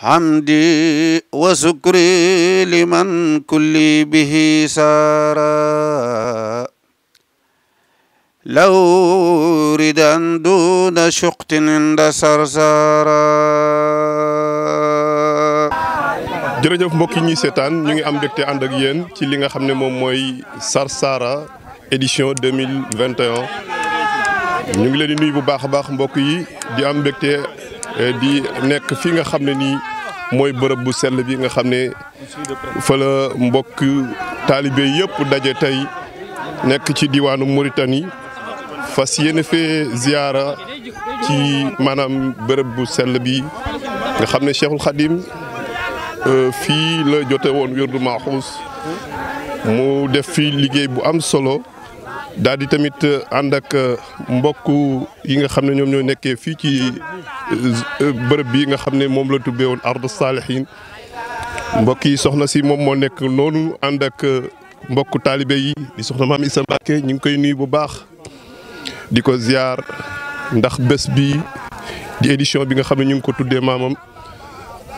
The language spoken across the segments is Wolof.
hamdi wa sukri liman kulli bihi saara law ridan duna shuqtin inda sarsara jërëjëf mbokk yi ñuy seetaan ñu ngi am mbégte ànd ak yéen ci li nga xam ne moom mooy Sarsara édition 2021 ñu ngi leen di bu baax a baax mbokk yi di am mbégte Euh, di nekk fi nga xam ne nii mooy bërëb bu sell bi nga xam ne fa mbokk taalibe yëpp daje tey nekk ci diwaanu Mauritanie fas yéene fee ziyaara ci maanaam bërëb bu sell bi nga xam ne Cheikhul Khadim euh, fii la jote woon wirdu Maxuus mu def fi liggéey bu am solo daal di tamit euh, ànd ak euh, mbokk yi nga xam ne ñoom ñoo nekkee fii ci euh, bërëb bi nga xam ne moom la tubbee woon ardu saalihin mbokk yi soxna si moom moo nekk noonu ànd ak mbokk taalibe yi di soxna maam Issa Mbacke ñu ngi koy nuyu bu baax di ko ziar ndax bés bi di édition bi nga xam ne ñu ngi ko tuddee maamam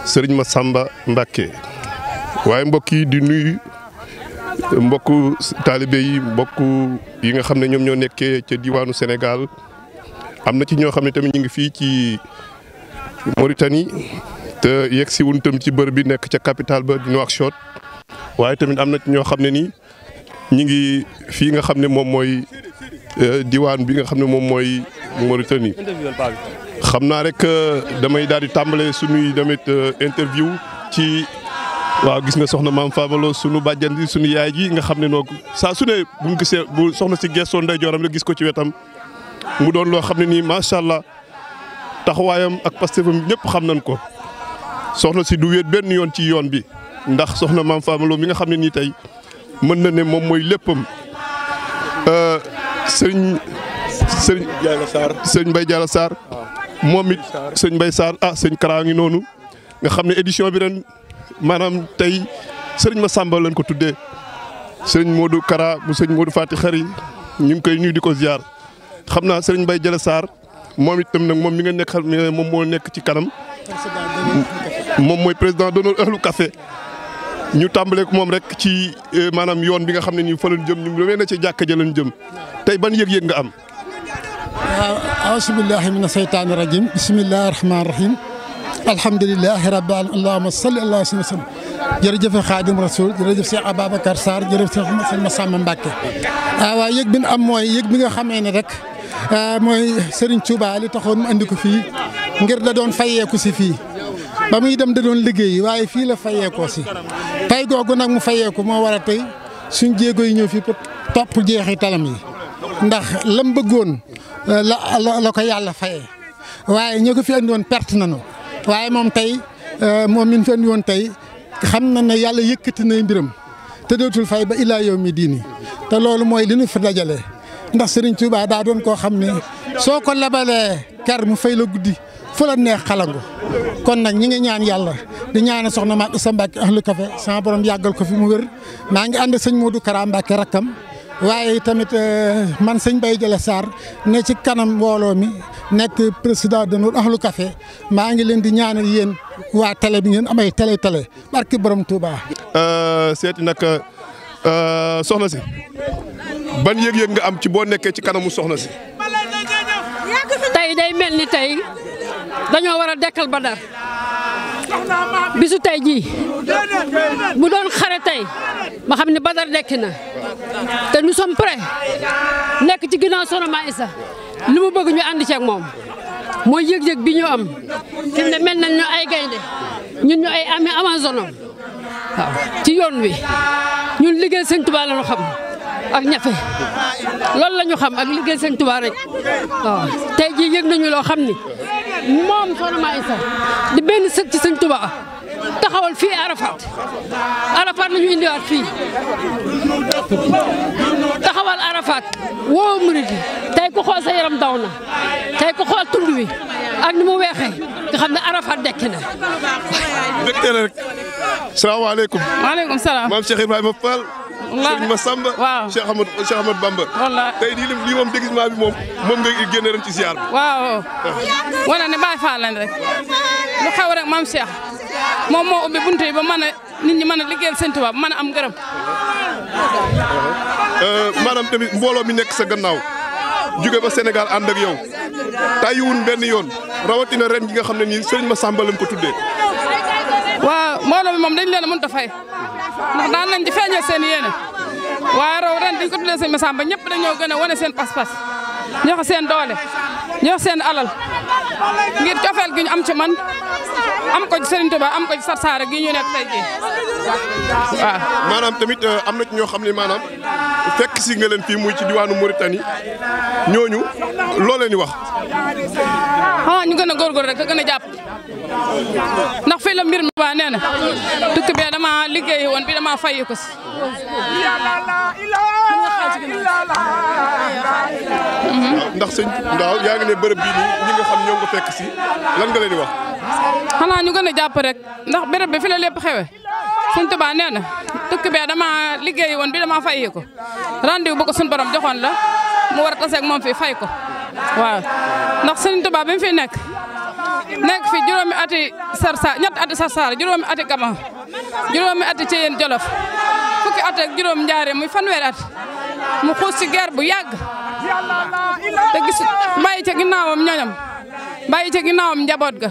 Serigne Massamba Mbacke waaye mbokk di nuyu mbokku taalibe mbokk yi nga xam ne ñoom ñoo nekkee ca diwaanu Sénégal am na ci ñoo xam ne tamit ñu ngi fii ci Mauritanie te yegg si wuñ tam ci bër bi nekk ca capital ba di Nouakchott waaye tamit am na ci ñoo xam ne nii ñu ngi fii nga xam ne moom mooy euh, diwaan bi nga xam ne moom mooy Mauritanie. xam naa rek euh, damay daal di tàmbale suñuy tamit euh, interview ci. waaw gis nga soxna maam Faabaloo sunu bàjjan ji sunu yaay ji nga xam ne noo saa su ne bu mu gisee bu soxna si gestoon nday jooram rek gis ko ci wetam mu doon loo xam ne nii macha allah taxawaayam ak pastefam ñëpp xam nañ ko soxna si du wéet benn yoon ci yoon bi ndax soxna maam Faabaloo mi nga xam ne nii tey mën na ne moom mooy léppam sëñ sëñ sëñ Mbaye Diallo Sarr ah. moom it sëñ mbay Sarr ah sëñ Kara ngi noonu nga xam ne édition bi ren maanaam tey sëriñ ma Massamba lañ ko tuddee sëriñ moo du Kara bu sëriñ du Fati Xari ñu ngi koy nuyu di ko ziar xam naa sëriñ Baye Jalle saar moom itam nag moom mi nga nekk xam ne moom moo nekk ci kanam. moom mooy président d'honneur Euhlou Café ñu tàmbaleek moom rek ci euh, maanaam yoon bi nga xam ne nii fa lañ jëm ñu demee na ci jàkka ja jëm tey ban yëg-yëg nga am. waaw a'uuzu billaahi mina shaytaani rajiim bismillaahi rahmaani rahiim. alhamdulilah rabbi allahumma salli ala sayyidina wa sallam jërëjëf Xaadim Rasul jërëjëf Cheikh Ababacar Sarr jërëjëf Cheikh Massamba Mbacke ah, waaw yëg bi am mooy yëg bi nga xamee ne rek ah, mooy Serigne Touba li taxoon mu andi ko fii ngir da doon fayeeku si fii ba muy dem da doon liggéey waaye fii la fayeekoo si pay googu nag mu fayeeku moo war a tey suñ jéego yi ñëw fii pour topp jeexi talam yi ndax lam bëggoon ah, la la ko yàlla fayee waaye ñoo ko fi andi woon perte nañu waaye moom tey euh, moom mi ñu feen woon tey xam na ne yàlla yëkkati nay mbiram te dootul fay ba illaa yow mi diini te loolu mooy li ñu fa dajale ndax Serigne Touba daa doon koo xam ne soo ko lebalee ker mu fay la guddi fu la neex xalangu kon nag ñi ngi ñaan yàlla di ñaane soxna Maam Asta Mbacke Ahlu Kafe sama borom yàggal ko fi mu wér maa ngi ànd sëñ Modou Kara Mbacke rakkam waaye tamit eh, man sëñ bay Jëla Sarr ne ci kanam mbooloo mi nekk président de notre ahlu café maa ngi leen di ñaanal yéen waa télé bi ngeen amay télé télé barki borom Touba. Euh, seeti nag euh, soxna si ban yëg-yëg nga am ci boo nekkee ci kanamu soxna si. tey day mel ni tey dañoo war a dekkal Badar bisu tey jii bu doon xare tey ma xam ne Badar dekk na te nu sommes prêts nekk ci ginnaaw Soxna Maam Isa li mu bëgg ñu ànd ceeg moom mooy yëg-yëg bi ñu am fi mu ne mel nañ ñu ay gaynde ñun ñu ay amee amazono ci yoon wi ñun liggéey Sëñ Tuubaa la xam ak ñafe loolu la ñu xam ak liggéey Sëñ Tuubaa rek waaw tey jii yëg nañu loo xam ni moom soxna Maam di benn sëg ci sëñ taxawal fii Arafat Arafat la ñu indiwaat fii taxawal Arafat woo murid yi tey ku xool sa yaram wi ak ni mu weexee nga xam Arafat dekk na. dëgg la rek salaamaaleykum. maaleykum salaam maam Cheikh Ibrahima sëñ Massamba waaw Cheikh Ahmad Cheikh Ahmad tey di lii moom déguisement bi moom moom nga génne ren ci ziar bi waaw wane ne Baay Faal lañ rek lu xew rek maam Cheikh moom moo ubbi bunte ba mën a nit ñi mën a liggéeyal sëñ Tuubaa mën am ngërëm euh, maanaam tamit mbooloo mi nekk sa gannaaw jóge ba Sénégal ànd ak yow benn yoon rawatina ren gi nga xam ne nii ma Massamba lañ ko tuddee mbooloo mi moom dañ leen a mënut a fay ndax daan nañ di feeñal seen yéene waaye raw ren dañ ko tuddee sëñ Massamba ñëpp dañoo gën a wane seen pas-pas jox seen doole jox seen alal ngir cofeel gi am ci man am ko ci Serigne Touba am ko ci Sarsara gi ñu nekk tey jii maanaam tamit euh, am na ñoo xam ne maanaam fekk si nga leen fii muy ci diwaanu Mauritanie ñooñu loo leen di wax. ah ñu gën a góorgóorlu rek gën a jàpp. ndax fii la mbir mi baa nee na tukki bee dama liggéeyi woon bi dama fayi ko si ndax sëñ ndaw yaa ngi ne bërëb bii nii ñi xam ñoo ngi ko fekk si lan nga leen xanaa ñu gën a rek ndax bërëb bi fi la lépp xewe sëñ Tuubaa nee tukki bee dama liggéey woon bi dama fayi ko rendez-vous bu borom joxoon la mu war taseeg moom fii fay ko waaw ndax sëñ Tuubaa bi mu fi nekk nekk fi juróomi ati sarsa ñetti ati sarsaar juróomi ati gama juróomi ati ceyeen jolof fukki at ak juróom njaare muy fanweeri at mu xuus ci guerre bu yàgg te gis bàyyi ca ginnaawam ñoñam bàyyi ca ginnaawam njaboot ga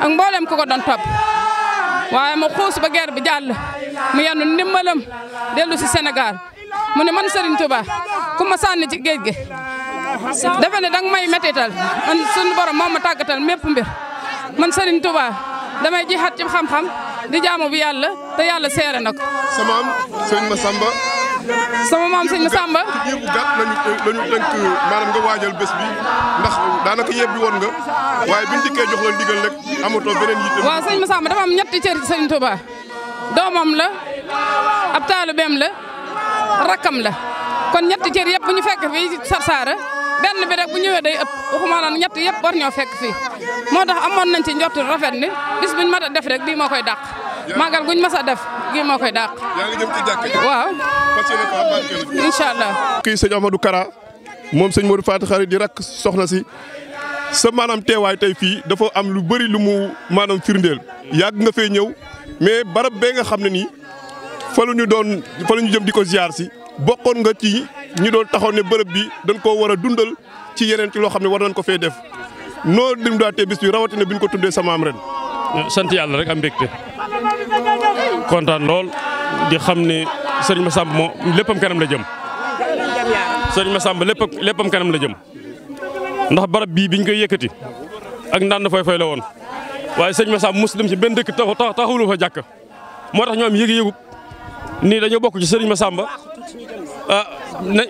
ak mboolem ku ko doon topp waaye mu xuus ba guerre bi jàll mu yenu ndimbalam dellu si Sénégal mu ne man Serigne Touba ku ma sànni ci géej gi defe ne danga may mettital man suñu borom moom ma tàggatal mépp mbir man Serigne Touba damay jixat ci xam-xam di jaamu bi yàlla te yàlla seere na ko. sama ma sëñ Massamba. sama maam sëñ Massamba. yéegu daanaka yebbi woon nga waaye biñ dikkee amatoo beneen yitte. waaw dafa am ñetti cër ci Serigne Touba doomam la ab taalubeem la rakkam la kon ñetti cër yëpp bu ñu fekk fii Sarsara. benn bi rek bu ñëwee day ëpp waxuma ñett yëpp war ñoo fekk fii moo tax amoon nañ ci njortu rafet ni bis buñ mën a def rek bii moo koy dàq màggal guñ mës a def gii moo koy dàq yaa ngi jëm ci jàkk waaw incha allah kii sëñ Amadou Kara moom sëñ Modou Faty Khary di rakk soxna si sa maanaam teewaay tey fii dafa am lu bari lu mu maanaam firndeel yàgg nga fee ñëw mais barab bee nga xam ne nii fa lu ñu doon fa lu ñu jëm di ko ziar si bokkoon nga ci ñu doon taxaw ne bërëb bi dañ koo war a dundal ci yeneen ci loo xam ne war nañ ko fee def noo dundaatee bis bi rawatina bi ñu ko tuddee samaam ren. Euh, sant yàlla rek am mbégte kontaan lool di xam ne sëriñ Massamba moo léppam kanam la jëm. sëriñ Massamba lépp léppam kanam la jëm ndax barab bii biñ koy yëkkati ak ndànd fay fay la woon waaye sëriñ Massamba muslim ci benn dëkk taxawulu fa jàkk moo tax ñoom yëgi-yëgu nii dañoo bokk ci sëriñ ma sàmba ah,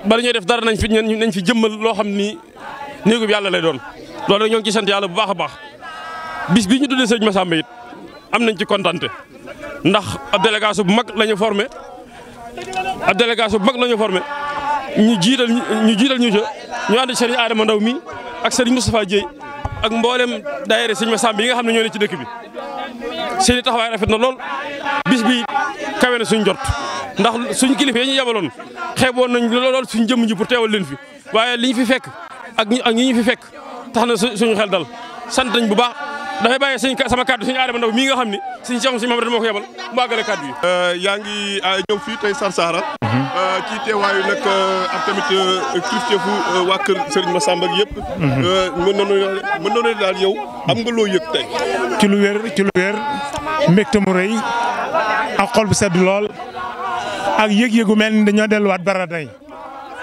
bala ñuy def dara nañ fi nañ fi jëmmal loo xam ni néegub yàlla lay doon loolu nag ñoo ngi ci sant yàlla bu baax a baax bis bi ñu tuddee sëñ Massamba it am nañ ci kontante ndax ab délégation bu mag la ñu formé ab délégation bu mag la ñu formé ñu jiital ñu jiital ñu ca ñu ànd ci sëriñ Adama Ndaw mi ak sëriñ Moustapha Dieye ak mboolem daayira sëñ Massamba yi nga xam ne ñoo ne ci dëkk bi seen taxawaay rafet na lool bis bi kawe na suñ jot ndax suñ kilifa yi ñu yabaloon xeeboon nañ lool suñ jëmm ji pour teewal leen fi waaye li fi fekk ak ñi ñu fi fekk tax na suñu xel dal sant nañ bu baax dafay bàyyi suñ sama kàddu suñu aadama ndaw mii nga xam ni suñ seexum suñu Mamadou moo ko yebal mu àggale kàddu yi euh, yaa ngi euh, ñëw fii tey Sarsara euh, ci teewaayu nag ak tamit kilifteefu waa kër Serigne Massamba ak yëpp mhm. mën noonu mën daal yow am nga loo yëg tey ci lu wér ci lu wér mbégte xol bu sedd lool ak yëg-yëgu mel ni dañoo delluwaat bara tey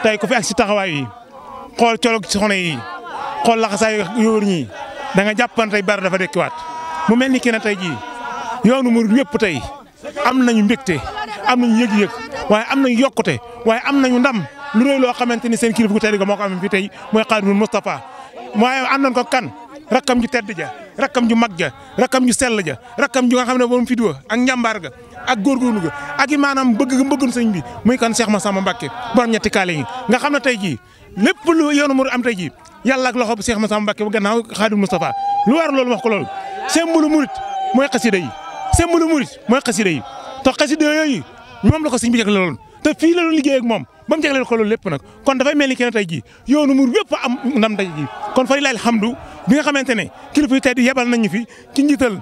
tey ku fi si taxawaay yi xool colog si xone yi laxasaay yu ñi da nga jàppante bar dafa waat mu mel ni ki na tey jii yoonu murid yëpp tey am nañu mbégte am nañu yëg-yëg waaye am nañu yokkute waaye am nañu ndam lu rëy loo xamante ni seen kilifa gu tedd ga moo kam am fi tey mooy Xaadimul Moustapha waaye am nañ ko kan rakkam ju tedd ja rakkam ju mag ja rakkam ju sell ja rakkam ju nga xam ne moom fi duwa ak njàmbaar ga ak góorgóorlu ga ak i maanaam bëgg bëggun sëñ bi muy kan Cheikh Massamba Mbacke borom ñetti kaale yi nga xam ne tey jii lépp lu yoonu murid am tey jii yàlla ak loxo bu Cheikh Moussa Mbacke bu gannaaw Xaadim Moustapha lu war loolu wax ko loolu sembulu murit xa xasida yi sembulu murit mooy xasida yi te xasida yooyu ñoom la ko sëñ bi jagle loolu te fii la doon liggéey ak moom ba mu jagleel loolu lépp nag kon dafay mel ni kenn tey jii yoonu mur yëpp am ndam tey jii kon fa lilahi alhamdu bi nga xamante ne kilifa yi tey di yebal nañu fi ci njiital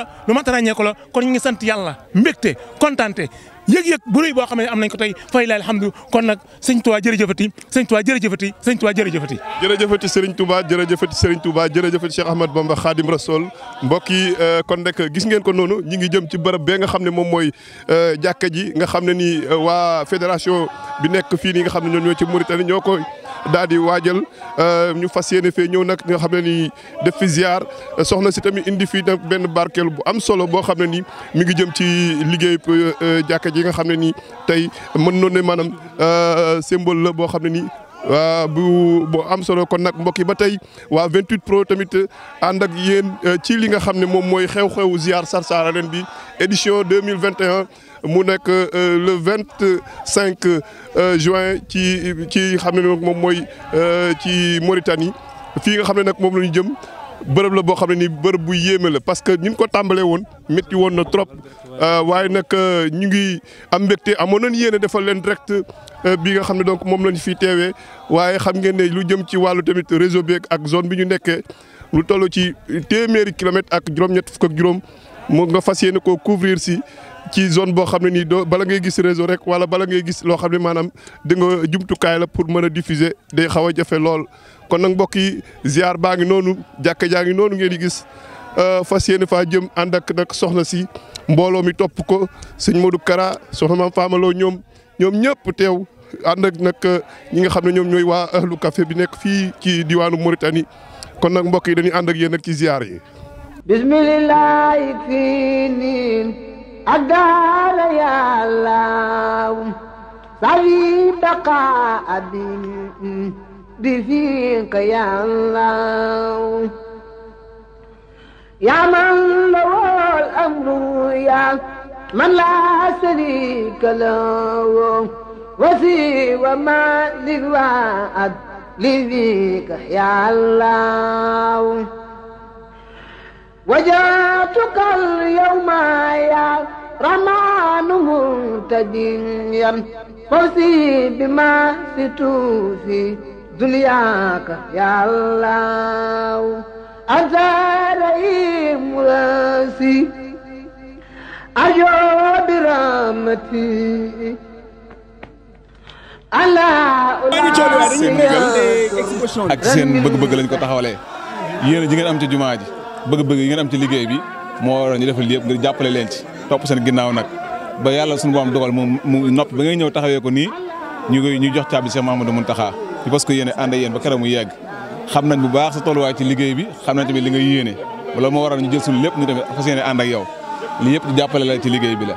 la lu mat a ràññee ko la kon ñu ngi sant yàlla mbégte kontaante yëg-yëg bu rëy boo xam ne am nañ ko tey fay la alhamdu kon nag sëñ Touba jërëjëfati sëñ Touba jërëjëfati sëñ Touba jërëjëfati jërëjëfati sëriñ Touba jërëjëfati sëriñ Touba jërëjëfati Cheikh Ahmad Bamba Khadim Rasoul mbokk yi euh, kon rek gis ngeen ko noonu ñi ngi jëm ci bërëb bee nga xam ne moom mooy euh, jàkka ji nga xam ne ni euh, waa fédération bi nekk fii nii nga xam ne ñoo ñoo ci muri Mauritanie ñoo ko daal di waajal euh, ñu fas yéene fee ñëw nag nga xam ne nii def fi soxna si tamit indi fii na benn barkeel bu am solo boo xam ne nii mi ngi jëm ci liggéey euh, jàkka ji nga xam ne nii tey mën noon ne maanaam euh, symbole la boo xam ne nii Ah, bu bu am solo kon nag mbokk yi ba tey vingt 28 pro tamit ànd ak yéen euh, ci li nga xam ne moom mooy xew-xewu ziar Sarsara ren bi édition 2021 mu nekk euh, le vingt cinq euh, juin ci ci xam ne moom mooy ci Mauritanie fii nga xam ne nag moom la ñu jëm. bërëb la boo xam ne nii bërëb bu yéeme la parce que ñu ko tàmbalee woon métti woon na trop euh, waaye nag euh, ñu ngi am mbégte amoon nañ yéene defal leen direct euh, bi nga xam ne donc moom lañ fi teewee waaye xam ngeen ne lu jëm ci wàllu tamit réseau beeg ak zone bi ñu nekkee lu toll ci téeméeri kilomètre ak juróom-ñett fukk ak juróom moo nga fas yéene ko couvrir si. ci zone boo xam ne nii doo bala ngay gis réseau rek wala bala ngay gis loo xam ne maanaam di nga jumtukaay la pour mën a diffuser day xaw a jafe lool kon nag mbokk yi ziar baa ngi noonu jàkka jaa ngi noonu ngeen di gis euh, fas yéene fa jëm ànd ak soxna si mbooloo mi topp ko sëñ Modou Kara soxna maam Faamaloo ñoom ñoom ñëpp teew ànd ak euh, ñi nga xam ne ñoom ñooy waa ahlu café bi nekk fii ci diwaanu Mauritanie kon nag mbokk yi dañuy ànd ak yéen ci ziar yi. bismillahi fii niin ak daala yàllaaw sawi baqaa abin bi fiik ya allah ya man lawoo al-amru ya man la sharika lahu wasi wa ma lil waad li fiik ya allah wajatuka al-yawma ya رمان منتديا فوزي بما ستوفي دنياك يا الله أنت رئيم راسي أجو برامتي ak seen bëgg-bëgg lañ ko taxawalee yéen ji ngeen am ci jumaa ji bëgg-bëgg yi ngeen am ci liggéey bi moo waral ñu defal lépp ngir jàppale leen ci topp seen ginnaaw nag ba yàlla suñu borom dogal mu mu noppi ba ngay ñëw taxawee ko nii ñu koy ñu jox caabi Cheikh Mahamadou Mountakha ñu parce que yéene ànd ak yéen ba keroog mu yegg xam nañ bu baax sa tolluwaay ci liggéey bi xam nañ tamit li nga yéene wala moo waral ñu jël suñu lépp ñu tamit fas yéene ànd ak yow lii yëpp di jàppale la ci liggéey bi la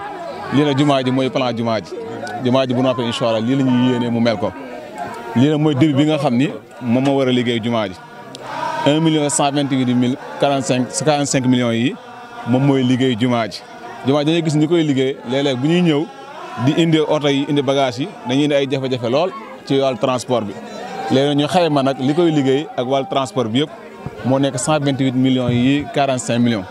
lii nag jumaa ji mooy plan jumaa ji jumaa ji bu noppee incha allah lii la ñuy yéene mu mel ko lii nag mooy début bi nga xam ni moom moo war a liggéey jumaa ji un million cent vingt mille quarante cinq quarante cinq millions yi moom mooy liggéey jumaa ji jumaa ji dañuy gis ñu koy liggéey léeg bu ñuy ñëw di indi oto indi bagage yi dañuy indi ay jafe lool ci wàllu transport bi léegi ñu xayma nag li koy liggéey ak wàllu transport bi yëpp moo nekk cent vingt huit millions yi quarante cinq millions.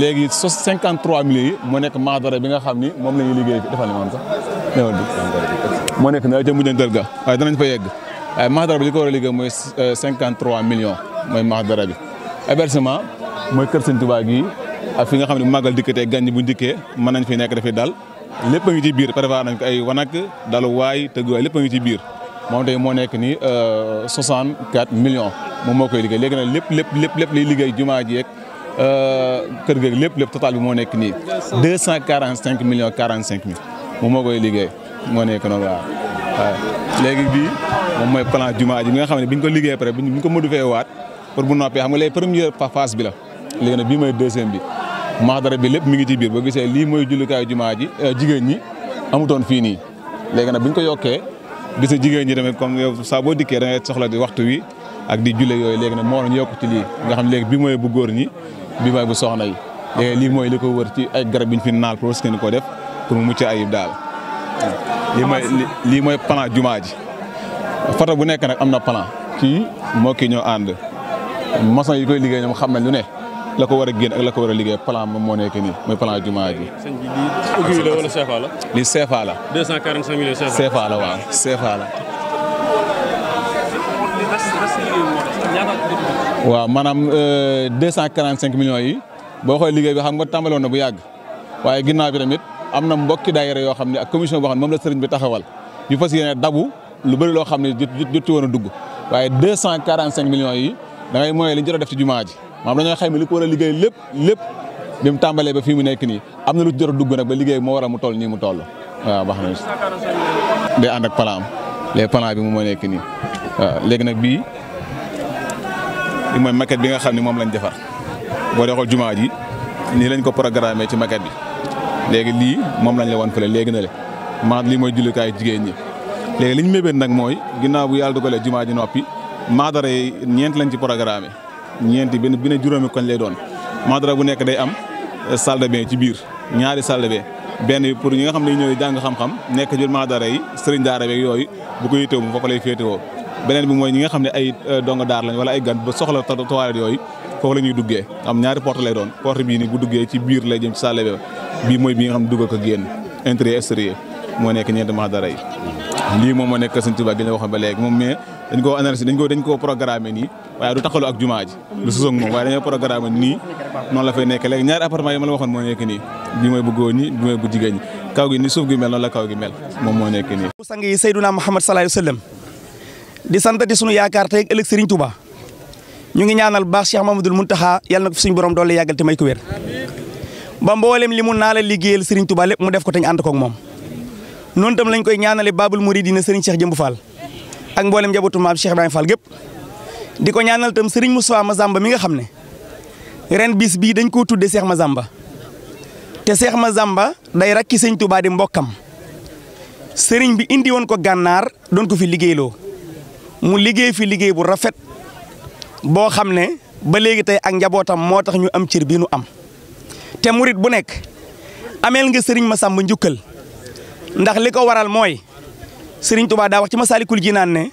léegi sos cinquante trois yi moo nekk maadara bi nga xam ni moom la ñuy liggéey defal nañu woon sax moo nekk nawet jëm bu njëndal ga waaye danañ fa yegg waaye maadara bi li ko war a liggéey mooy million mooy millions mooy maadara bi. hébergement mooy kër Sëñ Tuubaa gi a fi nga xam ne bu màggal dikkatee gan ñi bu dikkee mën nañ fi nekk dafay dal lépp ngi ci biir prévoir nañ ko ay wanak daluwaay tëgguwaay lépp a ngi ci biir. moom tey moo nekk ni 64 euh, millions moom moo koy liggéey léegi nag lépp lépp lépp lépp liggéey jumaa ji yeeg euh, kër geeg lépp lépp total bi moo nekk nii. 245 millions 45 mille moom moo koy liggéey moo nekk noonu waaw. waaw léegi bi moom mooy plan juma ji bi nga xam ne bi ñu ko liggéey pare bi ñu ko modifié waat pour bu noppee xam nga léegi première phase bi la léegi nag bii mooy deuxième bi. maxdara bi lép mi ngi ci biir boo gisee lii mooy jullukaayu jumaa ji euh, jigéen ñi amutoon fii nii léegi nag bi ñu ko yokkee. gisa jigéen ñi tamit comme yow saa boo dikkee da ngay soxla di waxtu wi ak di jule yooyu léegi nag moo ñu yokk ci lii nga xam léegi bi mooy bu góor ñi bi mooy bu soxna yi lii mooy li wër ci ay garab yi ñu fi naal seen ko def pour mu mucc ayib daal lii mooy lii mooy plan ji photo bu nekk nag am na plan kii moo kii ñoo ànd maçon yi koy liggéey ñoom xam nañ lu ne la ko war a génn ak la ko war a liggéey plan moom moo nekk nii mooy plan jumaa ji. sëñ bi la wala CFA la. lii CFA la. 245 millions CFA. CFA la waaw CFA la. waaw maanaam 245 euh, millions yi boo xoolee liggéey bi xam nga tàmbaloon na bu yàgg waaye ginnaaw bi tamit am na mbokki daayira yoo xam ne ak commission boo xam ne moom la sëriñ bi taxawal ñu fas yéene dabu lu bëri loo xam ne jot jot ci a dugg waaye 245 millions yi da ngay mooy li a def ci jumaa ji. maanaam dañoo xayma li ko war a liggéey lépp lépp bi mu tàmbalee ba fii mu nekk nii am na lu ci jot a dugg nag ba liggéey moo war a mu toll nii mu toll waaw baax na. day ànd ak plan am bi moom moo nii léegi nag bii li mooy maquette bi nga xam ne moom lañ defar boo dee xool jumaa ji nii lañ ko programmé ci maquette bi léegi lii moom lañ la wan fële léegi na le maanaam lii mooy jullikaay jigéen ñi léegi liñ mébét nag mooy ginnaaw bu yàlla dogalee jumaa ji noppi maadara yi ñeent lañ ci programmé. ñeenti benn bi ne juróomi koñ lay doon maadara bu nekk day am eh, salle de bain ci biir ñaari salle de bain benn bi pour ñi nga xam ne ñooy jàng xam-xam nekk jël maadara yi sëriñ daara yooyu bu ko yitteewoo foofu lay féetewoo beneen bi mooy ñi nga xam ne ay eh, donga daar lañ wala ay gan ba soxla toilette yooyu foofu la ñuy duggee am ñaari porte lay doon porte bii ni bu duggee ci biir lay jëm ci salle bi mooy bi nga xam ne dugg génn intérieur extérieur moo nekk ñeenti maadara yi lii moom moo nekk Sëriñ Tuubaa gi la waxoon ba léegi moom mais dañ koo analysé dañ ko dañ koo programmé nii waaye du taxalu ak jumaa ji du susog moom waaye dañoo programmé nii noonu la fay nekk léegi ñaari appartement yi ma la waxoon moo nekk nii bi mooy bu góor ñi mooy bu jigéen kaw gi ni suuf gi mel noonu la kaw gi mel moom moo nekk nii sang yi Seydunaa Muhammad sallallahu alayhi wasallam di sant di sunu yaakaar tey ëllëg Serigne ñu ngi ñaanal baax Cheikh Mamadou Mountakha yàlla na ko suñu borom doole yàggal te may ko wér ba mboolem li mu naa la liggéeyal Serigne Touba lépp mu def ko te ñu ànd koog moom noonu tam lañ koy ñaanale Babul Mouridina Serigne Cheikh Jëmbu Fall ak mboolem njabootu maam Cheikh Ibrahima Fall gépp di ko ñaanal mu Serigne ma Mazamba mi nga xam ne ren bis bii dañ koo seex ma Mazamba te ma sàmba day rakki sëñ Touba di mbokkam Serigne bi indi woon ko gànnaar doon fi liggéeyloo mu liggéey fi liggéey bu rafet boo xam ne ba léegi tey ak njabootam moo tax ñu am cër bi nu am te murit bu nekk ameel nga Serigne Massamba njukkal ndax li ko waral mooy. sëriñ Tuubaa daa wax ci ji naan ne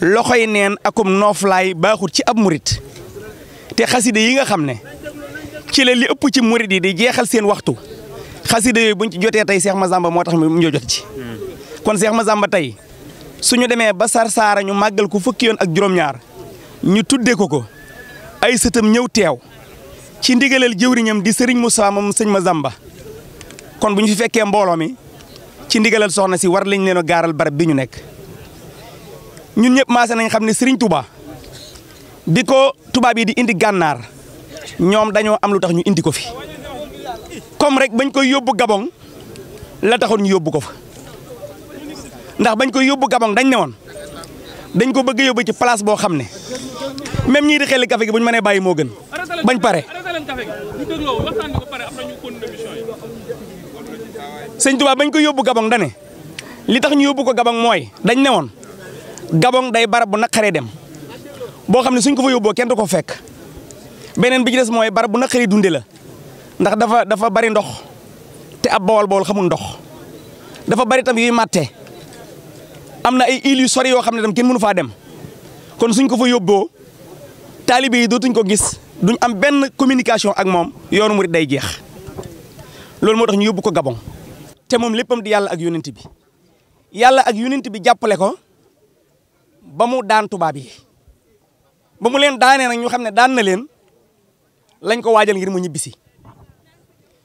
loxoy neen akum nooflaay baaxut ci ab murit te xaside yi nga xam ne ci la li ëpp ci murit yi di jeexal seen waxtu xaside yooyu buñ ci jotee tey Seex ma sàmba moo tax mu ñoo jot ci kon Seex ma sàmba tey suñu demee ba Sarsara ñu màggal ko fukki yoon ak juróom-ñaar ñu tuddee ko ko ay sëtam ñëw teew ci ndigalal jëwriñam di sëriñ Moussa moom sëñ sàmba kon bu ñu fi fekkee mbooloo mi ci ndigalal soxna si war lañ leen a gaaral bara bi ñu nekk ñun ñëpp maase nañ xam ne Serigne Touba di ko tubaab yi di indi gànnaar ñoom dañoo am lu tax ñu indi ko fi comme rek bañ koy yóbbu Gabon la taxoon ñu yóbbu ko fa ndax bañ koy yóbbu Gabon dañ ne woon dañ ko bëgg yóbbu ci place boo xam ne même ñii di xelli café gi bu ñu mënee bàyyi moo gën bañ pare. sëñ Tuubaa bañ ko yóbbu Gabon dane li tax ñu yóbbu ko Gabon mooy dañ ne woon Gabon day barab bu naqaree dem boo xam ne suñ ko fa yóbboo kenn du ko fekk beneen bi ci des mooy barab bu naqaree dunde la ndax dafa dafa bari ndox te ab bawol bawol xamul ndox dafa bari tam yuy màtte am na ay îles yu yoo xam ne dam kenn mënu faa dem kon suñ ko fa yóbboo taalibe yi dootuñ ko gis duñ am benn communication ak moom yoonu murid day jeex loolu moo tax ñu yóbbu ko Gabon te moom léppam di yàlla ak yonent bi yàlla ak yonent bi jàppale ko ba mu daan tubaab yi ba mu leen daanee nag ñu xam ne daan na leen lañ ko waajal ngir mu ñibbisi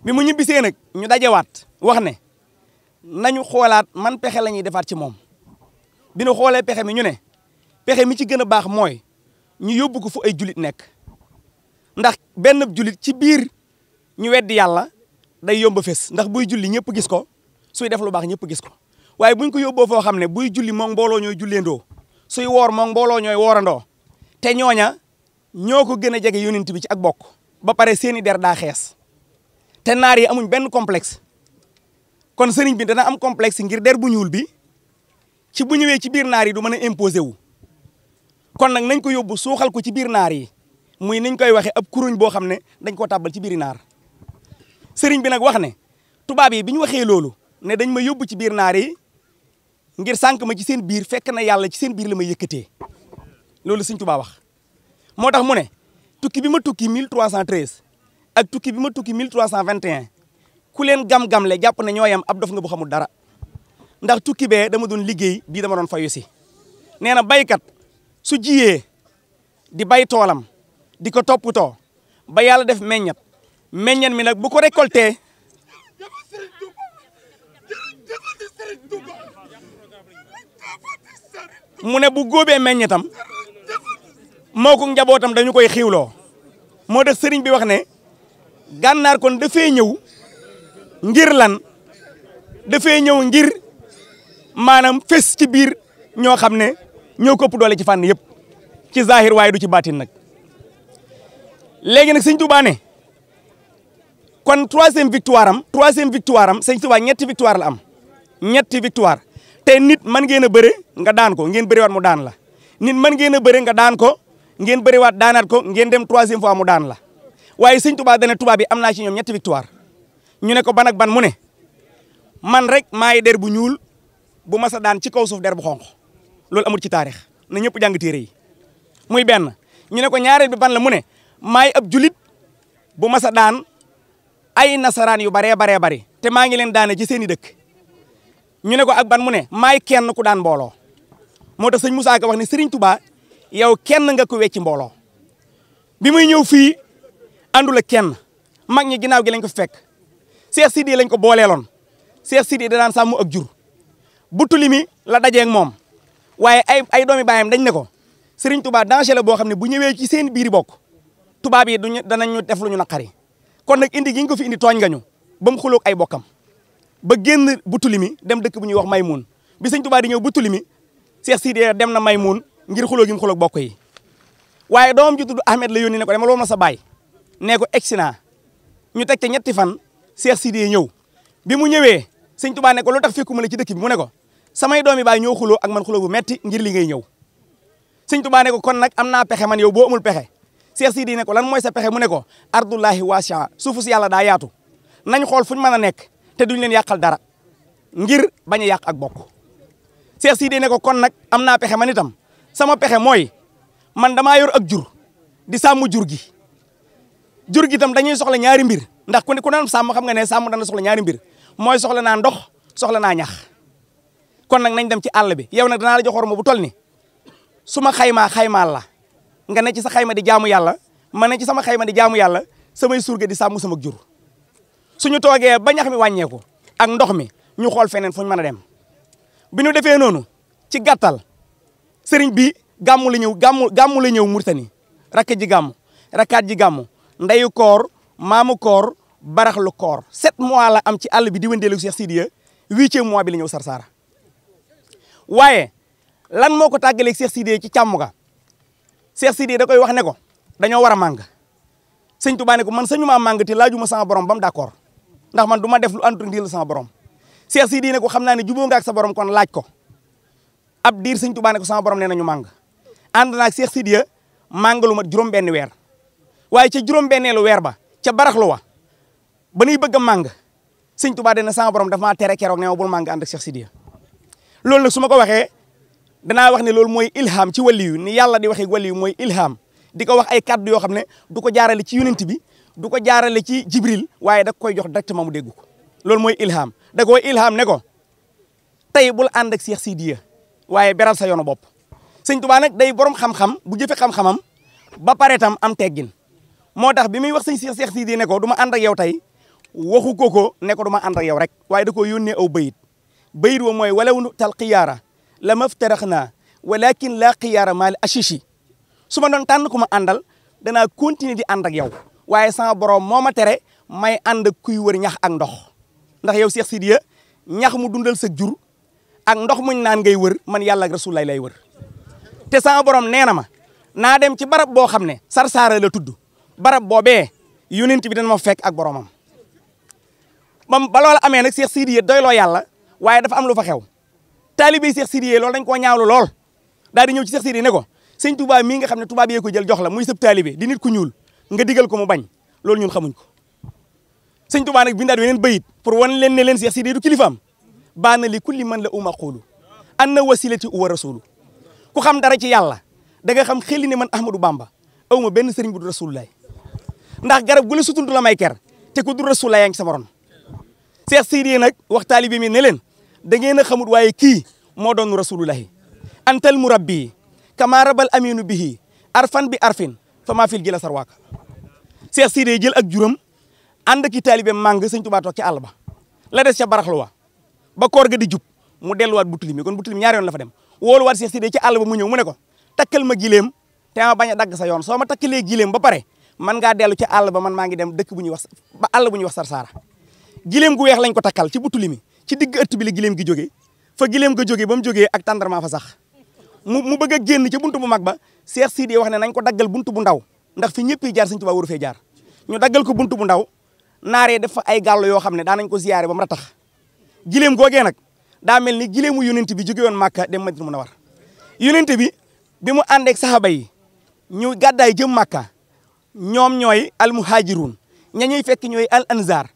bi mu ñibbisee nag ñu dajewaat wax ne nañu xoolaat man pexe lañuy defaat ci moom bi nu xoolee pexe mi ñu ne pexe mi ci gën a baax mooy ñu yóbbu ko fu ay julit nekk ndax benn julit ci biir ñu weddi yàlla day yomba fees ndax buy julli ñëpp gis ko suy def lu baax ñëpp gis ko waaye buñ ko yóbboo foo xam ne buy julli moom mbooloo ñooy julleendoo suy woor moom mbooloo ñooy woorandoo te ñooña ñoo ko gën a jege yonent bi ci ak bokk ba pare seeni der daa xees te naar yi amuñ benn complexe kon sëriñ bi dana am complexe ngir der bu ñuul bi ci bu ñëwee ci biir naar yi du mën a imposé wu kon nag nañ ko yóbbu suuxal ko ci biir naar yi muy nañ koy waxee ab kuruñ boo xam ne dañ ko tàbbal ci biir naar sëriñ bi nag wax ne tubaab yi bi ñu waxee loolu ne dañ ma yóbbu ci biir naar yi ngir sànq ma ci seen biir fekk na yàlla ci seen biir la ma yëkkatee loolu Sëñ Tuubaa wax moo tax mu ne tukki bi ma cent 1313 ak tukki bi ma tukki cent 1321 ku leen gam-gamle jàpp ne ñoo ab dof nga bu xamul dara ndax tukki bee dama doon liggéey bii dama doon fayu si nee na baykat su jiyee di bay toolam di ko toppatoo ba yàlla def meññat meññat mi nag bu ko récolté mu ne bu góobee meññetam moo ko njabootam dañu koy xiwloo moo tax sëriñ bi wax ne gànnaar kon dafay ñëw ngir lan dafay ñëw ngir maanaam fes ci biir ñoo xam ne ñoo këpp doole ci fànn yëpp ci zahir waaye du ci baatin nag léegi nag sëñ Tuubaa ne kon troisième victoire am troisième victoire am sëñ Tuubaa ñetti victoire la am ñetti victoire te nit man ngeen a bëre nga daan ko ngeen bëriwaat mu daan la nit man ngeen a bëre nga daan ko ngeen bëriwaat daanaat ko ngeen dem troisième fois mu daan la waaye sëñ Tuubaa dana Tuubaa bi am naa ci ñoom ñetti victoire ñu ne ko ban ban mu ne man rek maay der bu ñuul bu mas a daan ci kaw suuf der bu xonq loolu amul ci taarix na ñëpp jàng téere yi muy benn ñu ne ko ñaareel bi ban la mu ne maay ab julit bu mas a daan ay nasaraan yu bare baree bari te maa ngi leen daane ci seen i dëkk ñu ne ko ak ban mu ne maay kenn ku daan mbooloo moo tax sëñ Moussa Ka wax ne Serigne tubaa yow kenn nga ko wecci mbooloo bi muy ñëw fii àndul ak kenn mag ñi ginnaaw gi lañ ko fekk Cheikh Sidi lañ ko booleeloon Cheikh Sidi danaan sàmm ak jur butuli mi la dajeeg moom waaye ay ay doomi baayam dañ ne ko Serigne Touba danger la boo xam ne bu ñëwee ci seen biir bokk tubaab yi duñu danañ ñu def lu naqari kon nag indi gi ko fi indi tooñ nga ñu ba mu ay bokkam ba génn Butulimi dem dëkk bu ñuy wax Maymoun bi sëñ Tuubaa di ñëw Butulimi Cheikh Sidi dem na Maymoun ngir xuloo gi mu xuloo bokk yi waaye doom ju tudd Ahmed la yónni ne ko loolu ma sa baay nee ko egsi naa ñu teg ca ñetti fan Cheikh yi ñëw bi mu ñëwee sëñ Tuubaa ne ko lu tax fekkuma la ci dëkk bi mu ne ko samay doomi baay ñoo xuloo ak man xuloo bu metti njir li ngay ñëw sëñ Tuubaa ne ko kon nag am naa pexe man yow boo amul pexe Cheikh Sidi ne ko lan mooy sa pexe mu ne ko ardullahi wasia suufu si yàlla daa nañ xool fuñ mën a nekk te duñ leen yàqal dara ngir bañ a yàq ak bokk Cheikh Sidy ne ko kon nag am naa pexe man itam sama pexe mooy man damaa yor ak jur di sàmm jur gi jur gi itam dañuy soxla ñaari mbir ndax ku ne ku naan sàmm xam nga ne sàmm dana soxla ñaari mbir mooy soxla naa ndox soxla naa ñax kon nag nañ dem ci àll bi yow nag danaa la jox xorma bu toll ni su ma xaymaa xaymaal la nga ne ci sa xayma di jaamu yàlla ma ne ci sama xayma di jaamu yàlla samay surga di sàmm sama jur suñu toogee ba ñax mi wàññeeku ak ndox mi ñu xool feneen fuñ mën a dem bi ñu defee noonu ci gàttal sëriñ bi gàmmu la ñëw gàmmu gàmmu la ñëw Murtani rakk ji gàmmu rakkaat ji gàmmu ndeyu koor maamu koor baraxlu koor set mois la am ci àll bi di wëndeelu Cheikh Sidiya huitième mois bi la ñëw Sarsara waaye lan moo ko tàggaleeg Cheikh Sidiya ci càmm ga Cheikh Sidiya da koy wax ne ko dañoo war a màng sëñ Tuubaa ne ko man sañu maa màng te laajuma sama borom ba mu d'accord ndax man du ma def lu antu ndiil sama borom Cheikh Sidi ne ko xam naa ne jubóo nga ak sa borom kon laaj ko ab diir sëñ Tuubaa ne ko sama borom nee na ñu màng ànd naag seex Sidiya màng lu mat juróom benn weer waaye ca juróom benneelu weer ba ca baraxlu wa ba nuy bëgg a màng sëñ Tuubaa dina sama borom dafa maa tere keroog ne ma bul màng ànd ak Cheikh Sidiya loolu nag su ma ko waxee danaa wax ne loolu mooy ilham ci waliyu ni yàlla di waxee waliyu mooy ilham di ko wax kàddu yoo xam ne du ko jaarale ci yonent bi du ko jaarale ci jibril waaye da koy jox directement mu dégg ko loolu mooy ilham da koy ilham ne ko tey bul ànd ak Cheikh Sidiya waaye beral sa yoonu bopp sëñ Tuubaa nag day borom xam-xam bu jëfe xam-xamam ba pare tam am teggin moo tax bi may wax sëñ Cheikh Sidiya ne ko du ma ànd ak yow tey waxu ko ko ne ko du ma ànd ak yow rek waaye da koo yónnee aw bayit bayit wa mooy walaw tal xiyaara la maftarax naa walakin laa xiyaara maa li ashishi su ma doon tànn ku ma àndal danaa continuer di ànd ak yow waaye sama borom moo ma tere may ànd ak kuy wër ñax ak ndox ndax yow Cheikh Sidiya ñax mu dundal sa jur ak ndox muñ naan ngay wër man yàlla ak lay lay wër te sama borom nee na ma naa dem ci barab boo xam ne sarsaara la tudd barab boobee yonent bi dana ma fekk ak boromam bam ba loola amee nag Cheikh Sidiya doyloo yàlla waaye dafa am lu fa xew taalibe yi Cheikh Sidiya loolu dañ koo ñaawlu lool daa di ñëw ci Cheikh Sidiya ne ko sëñ Touba mii nga xam ne Touba bi yee ko jël jox la mu sëb taalibe di nit ñuul nga digal ko ma bañ loolu ñun xamuñ ko sëñ Tuubaa nag bindaat weneen bayit pour wan leen ne leen Seex Sidi du kilifaam baana li kulli man la uma xoolu an na wasilati uwa rasulu ko xam dara ci yàlla da xam xeli ne man Ahmadou Bamba ma benn sëriñ bu du rasulullaay ndax garab gu la la may ker te ku du rasulullaay yaa ngi sama ron Seex Sidi nag wax taalibe mi ne leen da ngeen a waaye kii moo doon rasulullahi antal murabbi kama rabal aminu bihi arfan bi arfin fa maa fil gila Cheikh Sidiye jël ak juróom ànd ki taalibe màng sëñ Tuubaa toog ci àll ba la des ca baraxluwa ba koor ga di jub mu delluwaat butul mi kon butul mi yoon la fa dem wooluwaat Cheikh Sidiye ci àll ba mu ñëw mu ne ko takkal ma gileem te ma a dagg sa yoon soo ma takkalee gileem ba pare man ngaa dellu ci àll ba man maa ngi dem dëkk bu ñuy wax ba àll bu ñuy wax Sarsara gileem gu weex lañ ko takkal ci butul mi ci digg ëtt bi la gileem gi jógee fa gileem ga jógee ba mu jógee ak tàndarma fa sax mu mu bëgg a génn ca buntu bu mag ba Cheikh Sidiye wax ne nañ ko daggal buntu bu ndaw ndax fi ñëpp jaar sëñ Tuubaa waru fee jaar ñu daggal ko buntu bu ndaw naaree def fa ay gàll yoo xam ne daanañ ko siyaare ba mu ratax gileem googee nag daa mel ni gileemu yonent bi jóge woon Màkka dem Madina war yonent bi bi mu àndeek saxaaba yi ñu gàddaay jëm Màkka ñoom ñooy almuhaajiruun ña ñuy fekk ñooy al ansaar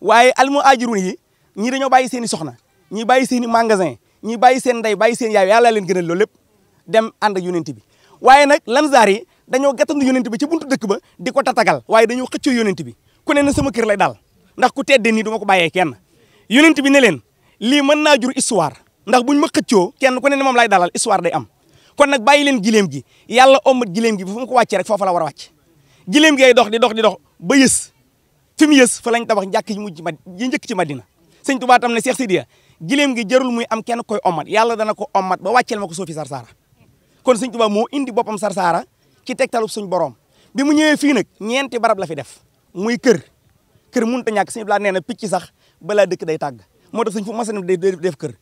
waaye almuhaajiruun yi ñii dañoo bàyyi seen i soxna ñii bàyyi seeni i magasin ñii bàyyi seen ndey bàyyi seen yaay yàlla leen gënal loolu lépp dem ànd ak bi waaye nag lansaar yi dañoo gàttandu yonent bi ci buntu dëkk ba di ko tatagal waaye dañoo xëccoo yonent bi ku ne na sama kër lay daal ndax ku teddee nii du ma ko baye kenn yonent bi ne leen lii mën naa jur histoire ndax buñ ma xëccoo kenn ku ne ne moom lay dalal histoire day am kon nag bàyyi leen gileem gi yàlla ombat gileem gi ba fu mu ko wàccee rek foofa la war a wàcc gileem gi ay dox di dox di dox ba yës fi mu yës fa lañ tabax njàkk yi mujj ma yi njëkk ci madina sëñ Tuubaa tam ne Cheikh Sidiya gileem gi jarul muy am kenn koy ommat yàlla dana ko ommat ba wàcceel ma ko soofi Sarsara kon sëñ Tuubaa moo indi boppam Sarsara ci tegtalub suñ boroom bi mu ñëwee fii nag ñeenti barab la fi def muy kër kër mun ta ñàkk suñu balaa nee na picc sax balaa dëkk day tàgg moo tax suñ fu masanam day def kër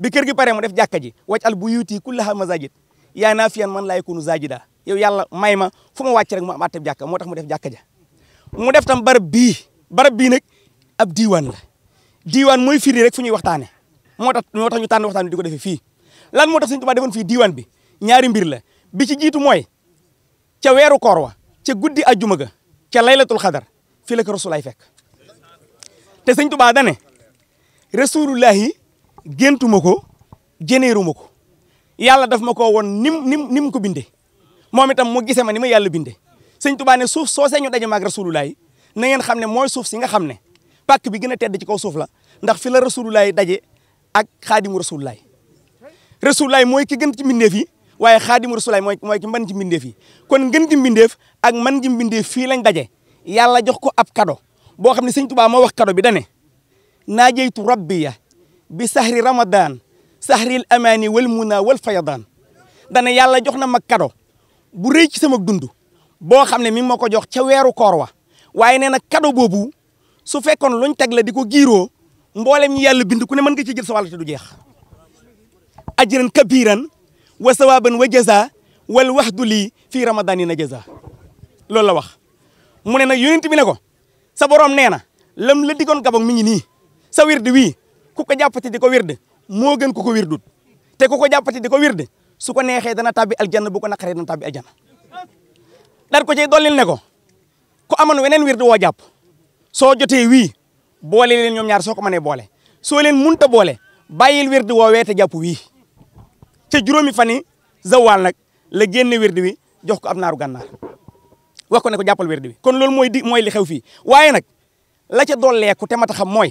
bi kër gi pare mu def jàkka ji waj al bu yuutii kullaha masajid yaa naa fiyan man laay kunu zajida yow yàlla may ma fu ma wàcc rek mu am moo tax mu def jàkka ja mu def tam barab bii barab bii nag ab diiwaan la diiwaan mooy firi rek fu ñuy waxtaane moo tax moo tax ñu tànn waxtaane di ko defee fii lan moo tax suñu tubaab defoon fii diiwaan bi ñaari mbir la bi ci jiitu mooy ca weeru koor wa ca guddi ajjuma ga ca laylatul xadar fii la ko rasulaay fekk te sëñ tubaa dane rasulullahi géntuma ko jëneeruma ko yàlla daf ma ko woon nim nim nim ko bindee moom itam mu gise ma ni ma yàlla binde sëñ tubaa ne suuf soo señu daje maag rasulullahi na ngeen xam ne mooy suuf si nga xam ne pak bi gën a tedd ci kaw suuf la ndax fi la rasulullahi daje ak xaadimu rasulullahi rasulullahi mooy ki gën ci mbindeef yi waaye xaadimu rasulaay mooy mooy ki mën ci mbindeef kon ngën gi mbindeef ak man gi mbindeef fii lañ daje yàlla jox ko ab kado boo xam ne sëñ Tuubaa moo wax kado bi dane naajeytu rabbiya bi sahri ramadan sahril amaani wal muna wal fayadaan dane yàlla jox na ma kado bu rëy ci sama dund boo xam ne mi ma ko jox ca weeru koor wa waaye nee nag kado boobu su fekkoon luñ teg la di ko giiroo mboolem ñi yàlla bind ku ne mën nga ci jël sa wàll te du jeex ajran kabiran wa sawaaban wa jaza wal waxdu lii fii ramadaani na jaza loolu la wax mu ne nag yonent bi ne ko sa borom nee na lam la digoon gabog mi ngi nii sa wird wii ku ko jàppati di ko wird moo gën ku ko wirdut te ku ko jàppati di ko wird su ko neexee dana tabbi aljanna bu ko naqaree dana tabbi aljanna dar ko cay dollil ne ko ku amoon weneen wird woo jàpp soo jotee wii boole leen ñoom ñaar soo ko mënee boole soo leen munta boole bàyyil wird woo weete jàpp wii te juróomi fan yi zawaal nag la génne wérdi wi jox ko ab naaru gànnaar wax ko ne jàppal wérdi wi kon loolu mooy di mooy li xew fii waaye nag la ca dolleeku te mat a xam mooy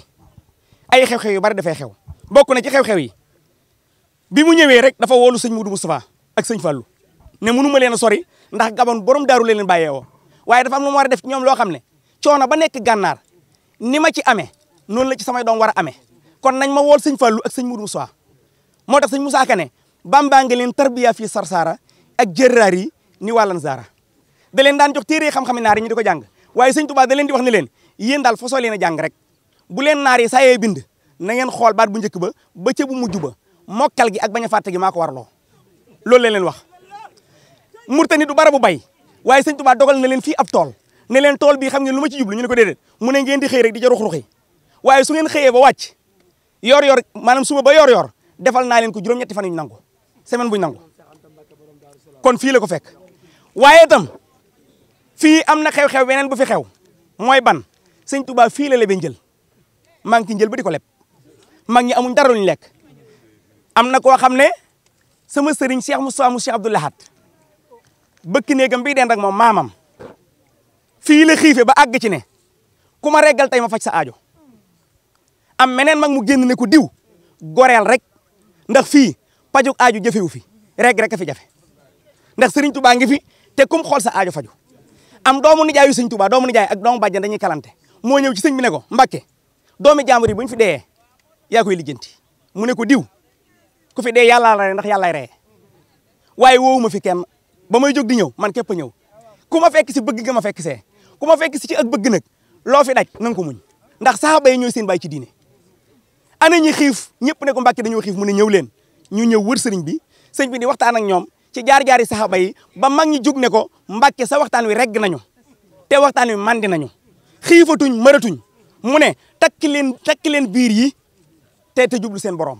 ay xew-xew yu bari xew bokk na ci xew-xew yi bi mu ñëwee rek dafa woolu sëñ Mudu Moustapha ak sëñ Fallou ne mënu ma leen a sori ndax gaban borom daaru leen bàyyee woo waaye dafa am lu war a def ñoom loo xam ne coono ba nekk gànnaar ni ma ci amee noonu la ci samay doom war a amee kon nañ ma wool sëñ Fallou ak sëñ Mudu Moustapha moo tax sëñ Moussa Kane bambaa ngi leen tarbiya fii sarsaara ak jërraar yi ni wàllan zaara da leen daan jox téere xam-xami naar ñu di ko jàng waaye sëñ Tuubaa da leen di wax ne leen yéen daal fasoo leen jàng rek bu leen naar yi saa bind na xool baat bu njëkk ba ba ca bu mujj ba mokkal gi ak bañ a gi maa ko warloo loolu leen leen wax murtani du bara bu bay waaye sëñ Tuubaa dogal na leen fi ab tool ne leen tool bi xam ngeen lu ma ci jublu ñu ne ko déedéet mu ne ngeen di xëy rek di ca rux-ruxi waaye su ngeen xëyee ba wàcc yor yor maanaam suba ba yor yor defal naa leen ko juróom-ñetti fan yu nangu semaine buñ nangu kon fii la ko fekk waaye tam fii am na xew-xew beneen bu fi xew mooy ban sëñ Touba fii la lebe njël maa ngi ci njël ba di ko leb mag ñi amuñ dara luñ lekk am na koo xam ne sama sëriñ Cheikh Moussa mu Cheikh Abdoul Ahad bëkk néegam bi den rek moom maamam fii la xiife ba àgg ci ne ku ma reggal tey ma faj sa aajo am meneen mag mu génn ne ku diw goreel rek ndax fii pajuk aaju jëfewu fi rek rek a fi jafe ndax Serigne Touba ngi fi te kum xool sa aaju faju am doomu nijaayu Serigne Touba doomu nijaay ak doomu bàjjan dañuy kalante moo ñëw ci sëñ bi ne ko Mbàkke doomi jaambur yi buñ fi dee yaa koy lijjanti mu ne ko diw ku fi dee yàllaa ndax yàllaay reye waaye woowuma fi kenn ba may jóg di ñëw man képp ñëw ku ma fekk si bëgg nga ma fekk see ku ma fekk si ci ak bëgg nag loo fi daj nanga ko muñ ndax saxaaba yi ñooy seen bàyyi ci diine ana ñi xiif ñëpp ne ko Mbàkke dañoo xiif mu ne ñëw leen ñu ñëw wër sëriñ bi sëñ bi di waxtaan ak ñoom ci jaar-jaari saxaaba yi ba mag ñi jug ne ko mbàkke sa waxtaan wi regg nañu te waxtaan wi mandi nañu xiifatuñ mëratuñ mu ne takk leen takk leen biir yi te te jublu seen borom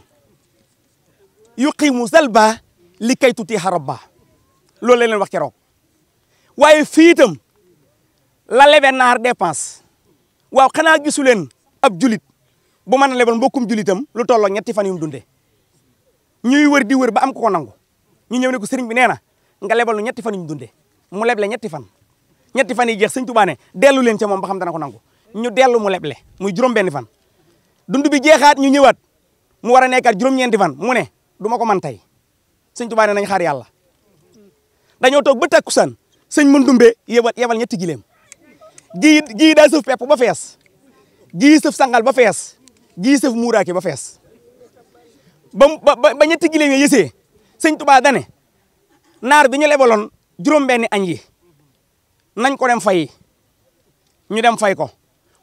yuqimu salba li kay tuuti xaraba loolu la leen wax keroog waaye fii itam la lebeen naar dépense waaw xanaa gisu leen ab julit bu mën a lebal mbokkum julitam lu tolloo ñetti fan yu dunde ñuy wër di wër ba am ko ko nangu ñu ñëw ne ko sëriñ bi nee na nga lebal nu ñetti fan ñu dundee mu leble ñetti fan ñetti fan yi jeex sëñ Tuubaa ne dellu leen ca moom ba xam dana ko nangu ñu dellu mu leble muy juróom-benn fan dund bi jeexaat ñu ñëwaat mu war a nekkaat juróom-ñeenti fan mu ne duma ko man tey sëñ Tuubaa ne nañ xaar yàlla dañoo toog ba takkusaan sëñ mën dumbe yebal yebal ñetti gileem gii gii daa sëf ba fees gii sëf sangal ba fees gii sëf muuraake ba fees ba ba ba ñetti gileem yi yësee sëñ Tuubaa dane naar bi ñu lebaloon juróom-benni añ yi nañ ko dem fay ñu dem fay ko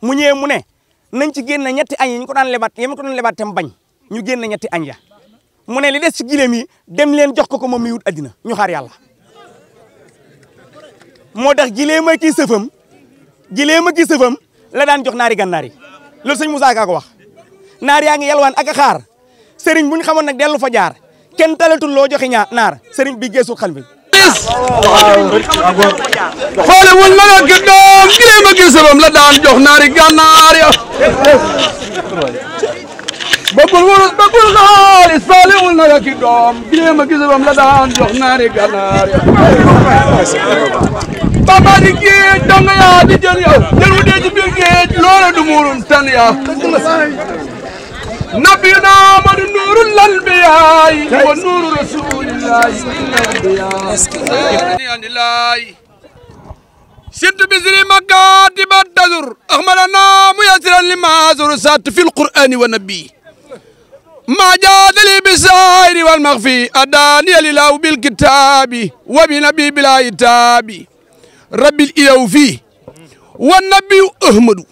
mu ñëwee mu ne nañ ci génne ñetti añ yi ko daan lebat yéen ko daan bañ ñu génne ñetti añ ya mu ne li des ci gileem yi dem leen jox ko ko moom mi wut addina ñu xaar yàlla. moo tax gileem ak kii sëfam gileem ak kii la daan jox naari gànnaar yi lool sëñ Moussa Ka ko wax naar yaa ngi yalwaan ak a sëriñ buñ ñu xamoon nag dellu fa jaar kenn talatul loo joxe ñaar naar sëriñ bi geesul xal wul la la gëddoom ma gisabam la daan la daan jox naari gànnaar ya baba di géej dong yaa di jël wu dee ci loola du muurun tan نبينا من نور الانبياء ونور رسول الله من الانبياء سنت بزري مكاتب الدزر أخمرنا ميسرا لما زرسات في القرآن والنبي ما جاد لي بالسائر والمخفي أداني لله بالكتاب وبنبي بلا يتاب رب الإلو فيه والنبي أحمد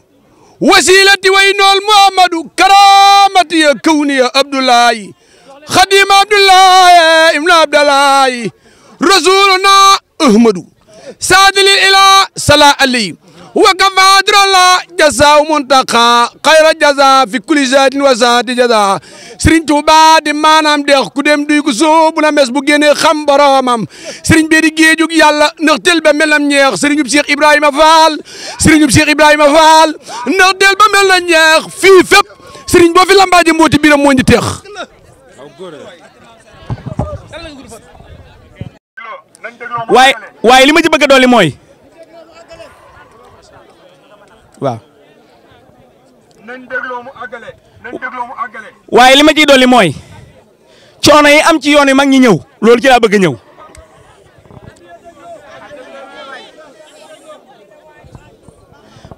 wasilati way nool muhammadu karamati ya kawniya abdullahi xadim abdullahi ibnu abdullahi rasuluna ahmadu saadili ila sala alayhi wa kafa adrala jasa muntaqa xayra jasa fi kulli zaatin wa jasa sëriñ Tuuba maanaam deex ku duy ko sóobu mes bu génnee xam boromam sëriñ bi di géejug yàlla ndax tel ba mel na ñeex sëriñub Cheikh Ibrahima Fall sëriñub Cheikh Ibrahima Fall ndax tel ba mel na ñeex fii fépp sëriñ boo fi lambaaje mbooti biiram moo waaye li ma ci bëgg a dolli mooy waaw. nañ dégloo mu àggale. nañ dégloo waaye li ma ciy dolli mooy coono yi am ci yoon yi mag ñi ñëw loolu ci laa bëgg a ñëw.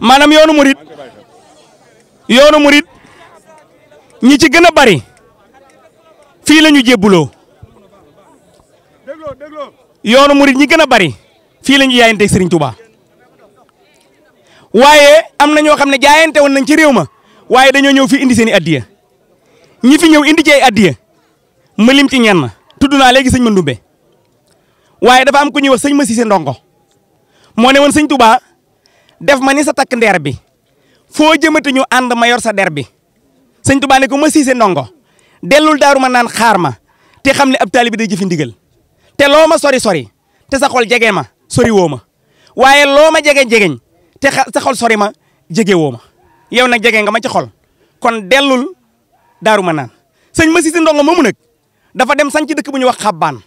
maanaam yoonu murit yoonu murit ñi ci gën a bari fii la ñu jébbuloo yoonu murit ñi gën a bari fii la ñu yaayante Serigne waaye am na ñoo xam ne jaayante woon nañ ci réew ma waaye dañoo ñëw fi indi seen i addiya ñi fi ñëw indi ci ay addiya ma lim ci ñenn tudd naa léegi sëñ Mandoumbe waaye dafa am ku ñuy wax sëñ Massi Ndongo moo ne woon sëñ tubaa def ma ni sa takk ndeer bi foo jëmati ñu ànd ma yor sa der bi sëñ Touba ne ko Massi Ndongo dellul daaru ma naan xaar ma te xam ne ab taalibi day jëfi ndigal te loo ma sori sori te sa xol jege ma sori woo ma waaye loo ma jege jegeñ te sa xol sori ma jege woo ma yow nag jege nga ma ci xol kon dellul daaru ma naan sëñ ma si si ndongo moomu nag dafa dem sañ ci dëkk bu ñuy wax xabbaan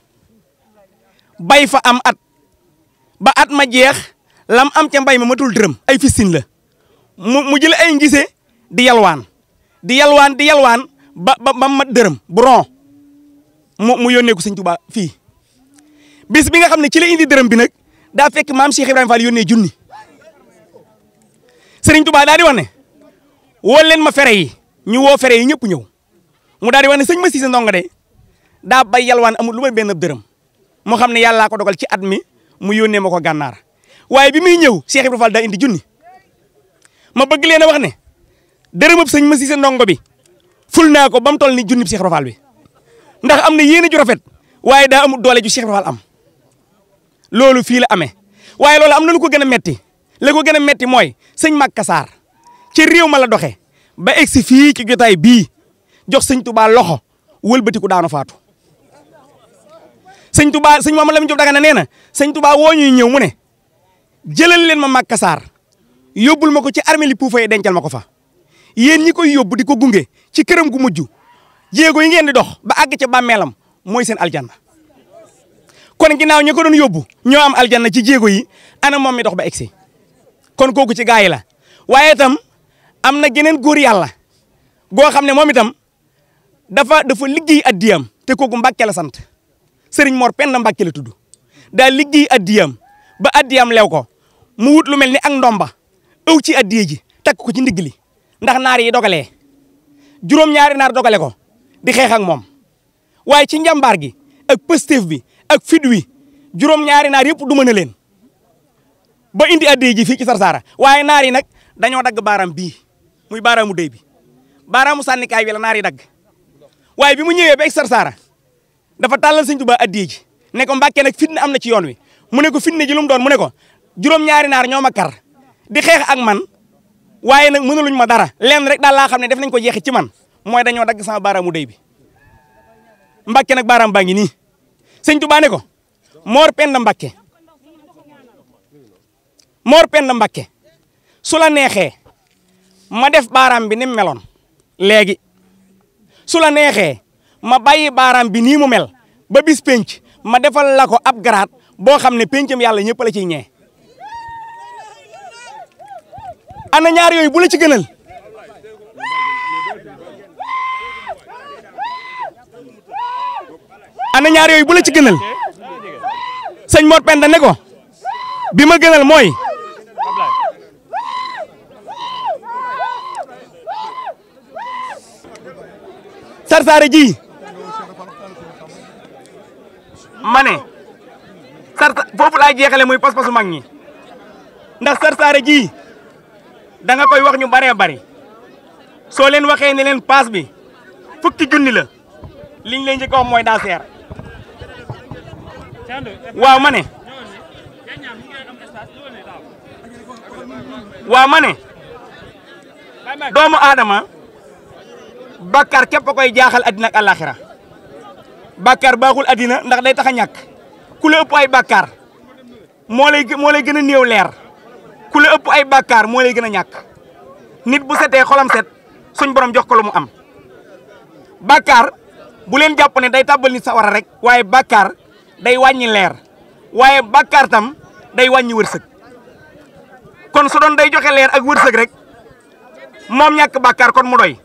bay fa am at ba at ma jeex lam am ca mbay ma matul dërëm ay fisin la mu mu jël ay ngise di yalwaan di yalwaan di yalwaan ba ba ba mat dërëm bu ron mu mu yónnee ko sëñ fii bis bi nga xam ne ci la indi dërëm bi nag daa fekk maam Cheikh Ibrahima Fall yónnee junni Serigne Touba daal di wax ne woo leen ma fere yi ñu woo fere yi ñëpp ñëw mu daal di wax ne sëñ ma Cissé Ndongo de daa bay yalwaan amul lu may benn dërëm moo xam ne yàllaa ko dogal ci at mi mu yónnee ma ko gànnaar waaye bi muy ñëw Cheikh Ibrahima Fall daa indi junni ma bëgg leen a wax ne dërëmab sëñ ma Cissé Ndongo bi ful naa ko ba mu toll ni junnib Cheikh Ibrahima bi ndax am na yéene ju rafet waaye daa amul doole ju Cheikh Ibrahima am loolu fii la amee waaye loolu am na lu ko gën a metti li ko gën a métti mooy sëñ Màkka Sarr ci réew ma la doxe ba egsi fii ci jotaay bii jox sëñ Touba loxo wëlbatiku daanu faatu. sëñ Touba ma Mamadou Lamine Diop Dagana nee na sëñ Touba woo ñu ñëw mu ne jëlal leen ma Màkka Sarr ma ko ci armée li puufa yi dencal ma ko fa yéen ñi koy yóbbu di ko gunge ci këram gu mujj jéego yi ngeen di dox ba àgg ca bàmmeelam mooy seen aljanna kon ginnaaw ñi ko doon yóbbu ñoo am aljanna ci jéego yi ana moom mi dox ba egsi kon kooku ci gaa yi la waaye itam am na geneen góor yàlla goo xam ne moom itam dafa dafa liggéey addiyam te kooku Mbàkke la sant Serigne Mor Penda Mbàkke la tudd daa liggéey addiyam ba addiyam lew ko mu wut lu mel ni ak ndomba ëw ci addiye ji takk ko ci ndigg li ndax naar yi dogalee juróom-ñaari naar dogale ko di xeex ak moom waaye ci njàmbaar gi ak pësteef bi ak fit wi juróom-ñaari naar yëpp du mën a leen ba indi addiya ji fii ci Sarsara waaye naar yi nag dañoo dagg baaraam bii muy mu déy bi baaraamu sànnikaay bi la naar yi dagg waaye bi mu ñëwee ba Sarsara dafa tàllal sëñ Tuubaa addiya ji ne ko Mbàkke nag fitna am na ci yoon wi mu ne ko ne ji lu doon mu ne ko juróom-ñaari naar ñoo ma kar di xeex ak man waaye nag luñ ma dara lenn rek daal laa xam ne def nañ ko jeexi ci man mooy dañoo dagg sama baaraamu day bi Mbàkke nag baaraam baa ngi nii sëñ Tuubaa ko Mor Penda Mor Penda Mbakke su la neexee ma def baaraam bi ni mu meloon léegi su la neexee ma bàyyi baaraam bi nii mu mel ba bis penc ma defal la ko ab garaat boo xam ne pencam yàlla ñëpp la ciy ñee. ana ñaar yooyu bula ci gënal ana ñaar yooyu bu la ci gënal sëñ ne ko bi ma gënal mooy. Sarsara ji ma ne sarsa foofu laay jeexale muy pas-pasu mag ñi ndax Sarsara ji danga koy wax ñu baree bari soo leen waxee ne leen paas bi fukki junni la liñ leen njëkk wax mooy daa waa waaw ma doomu aadama bàkkaar képp koy jaaxal addina ak àllaaxira bàkkaar baaxul addina ndax day tax a ñàkk ku la ëpp ay bàkkaar moo lay moo lay gën a néew leer ku la ëpp ay bakkaar moo lay gën a ñàkk nit bu setee xolam set suñ borom jox ko lu mu am bàkkaar bu leen jàpp ne day tàbbal nit sawara rek waaye bàkkaar day wàññi leer waaye bàkkaar tam day wàññi wërsëg kon su doon day joxe leer ak wërsëg rek moom ñàkk bàkkaar kon mu doy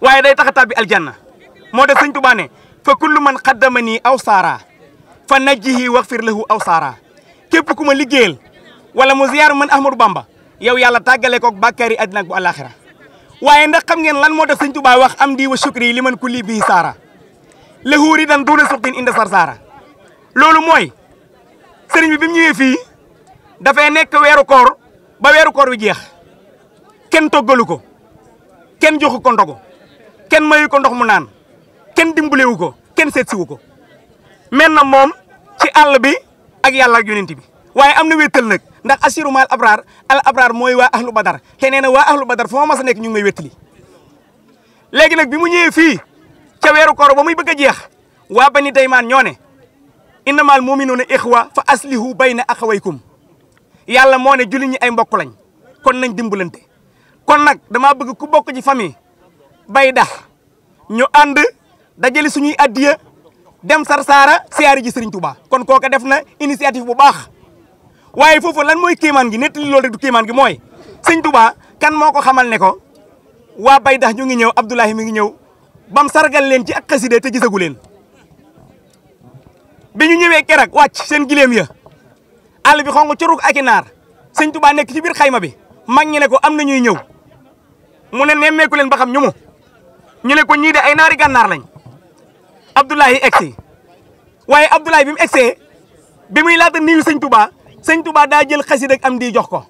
waaye day tax a tàbbi aljanna moo def sëñ Tuubaa ne fa kullu man xaddama nii aw saara fa najjihi waxfir lahu aw saara képp ku ma liggéeyal wala mu ziyaar man Ahmadou Bamba yow yàlla tàggale ko bàkkaar yi ak bu àllaaxira waaye ndax xam ngeen lan moo def sëñ Tuubaa wax am di wa li man ku lii bii saara lahu ridan duuna suxtin inda sar saara loolu mooy sëriñ bi bi mu ñëwee fii dafay nekk weeru koor ba weeru koor wi jeex kenn toggalu ko kenn joxu ko kenn mayu ko ndox mu naan kenn dimbalewu ko kenn seet siwu ko men na moom ci àll bi ak yàlla ak yonent bi waaye am na wéttal nag ndax assiru maal abraar al abraar mooy waa ahlu badar te nee na waa ahlu badar fu ma mas nekk ñu ngi may wéttali léegi nag bi mu ñëwee fii ca weeru koor ba muy bëgg a jeex waa bani daymaan ñoo ne innamaal muminuuna ixwa fa aslihu bayna axawaykum yàlla moo ne jullit ñi ay mbokk lañ kon nañ dimbalante kon nag damaa bëgg ku bokk ci famille bay dax ñu ànd dajale suñuy addiya dem Sarsara siyaari ji Serigne Touba kon kooka def na initiative bu baax waaye foofu lan mooy kiimaan gi nettali loolu rek du kéemaan gi mooy Serigne Touba kan moo ko xamal ne ko waa bay dax ñu ngi ñëw Abdoulahi mi ngi ñëw bam sargal leen ci ak xasida te gisagu leen bi ñu ñëwee keroog wàcc seen gileem ya àll bi xong curug ak i naar Serigne Touba nekk ci biir xayma bi mag ñi ne ko am na ñuy ñëw mu ne nemmeeku leen ba xam ñu mu ñu ne ko ñii de ay naari gànnaar lañ Abdoulaye egsi waaye Abdoulaye bi mu egsee bi muy laata nuyu sëñ Touba sëñ Touba daa jël xasi rek am di jox ko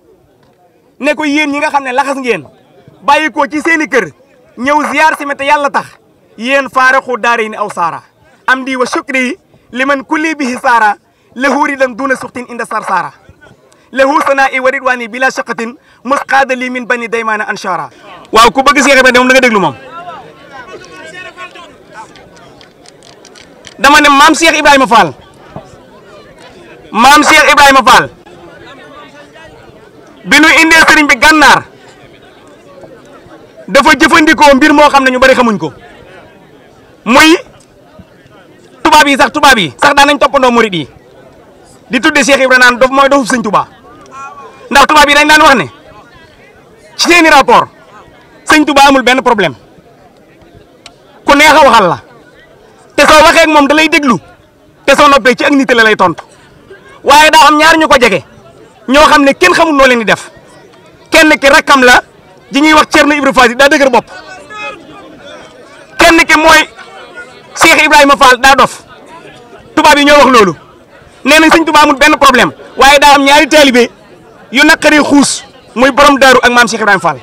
ne ko yéen ñi nga xam ne laxas ngeen bàyyi ko ci seen i kër ñëw ziar si te yàlla tax yéen faarexu daara yi ni aw saara am di wa shukri yi li man kulli bihi saara lahu ridan duuna suxtin inda sar saara lahu sanaa i wa ridwaani bila shaqatin musqaada li min bani daymaana anshaara waaw ku bëgg Seex Ibra moom da nga déglu moom dama ne maam Cheikh Ibrahima Fall maam Cheikh Ibrahima Fall bi nu indee sëriñ bi gànnaar dafa jëfandikoo mbir moo xam ne ñu bari xamuñ ko muy tubaab yi sax tubaab yi sax daan nañ toppandoo murid yi di tudde Cheikh Ibrahima naan dof mooy dofub sëñ Tuubaa ndax tubaab yi dañ daan wax ne ci rapport sëñ Tuubaa amul benn problème ku neex a waxal la te soo waxee ak moom dalay lay déglu te soo noppee ci ak nit la lay tontu waaye daa am ñaar ñu ko jege ñoo xam ne kenn xamul noo leen di def kenn ki rakkam la ji ñuy wax Thierno Ibrahima Fall daa dëgër bopp kenn ki mooy Cheikh Ibrahima Fall daa dof tubaab yi ñoo wax loolu nee nañ sëñ Tuubaa amul benn problème waaye daa am ñaari taalibe yu naqaree xuus muy borom daaru ak maam Cheikh Ibrahima Fall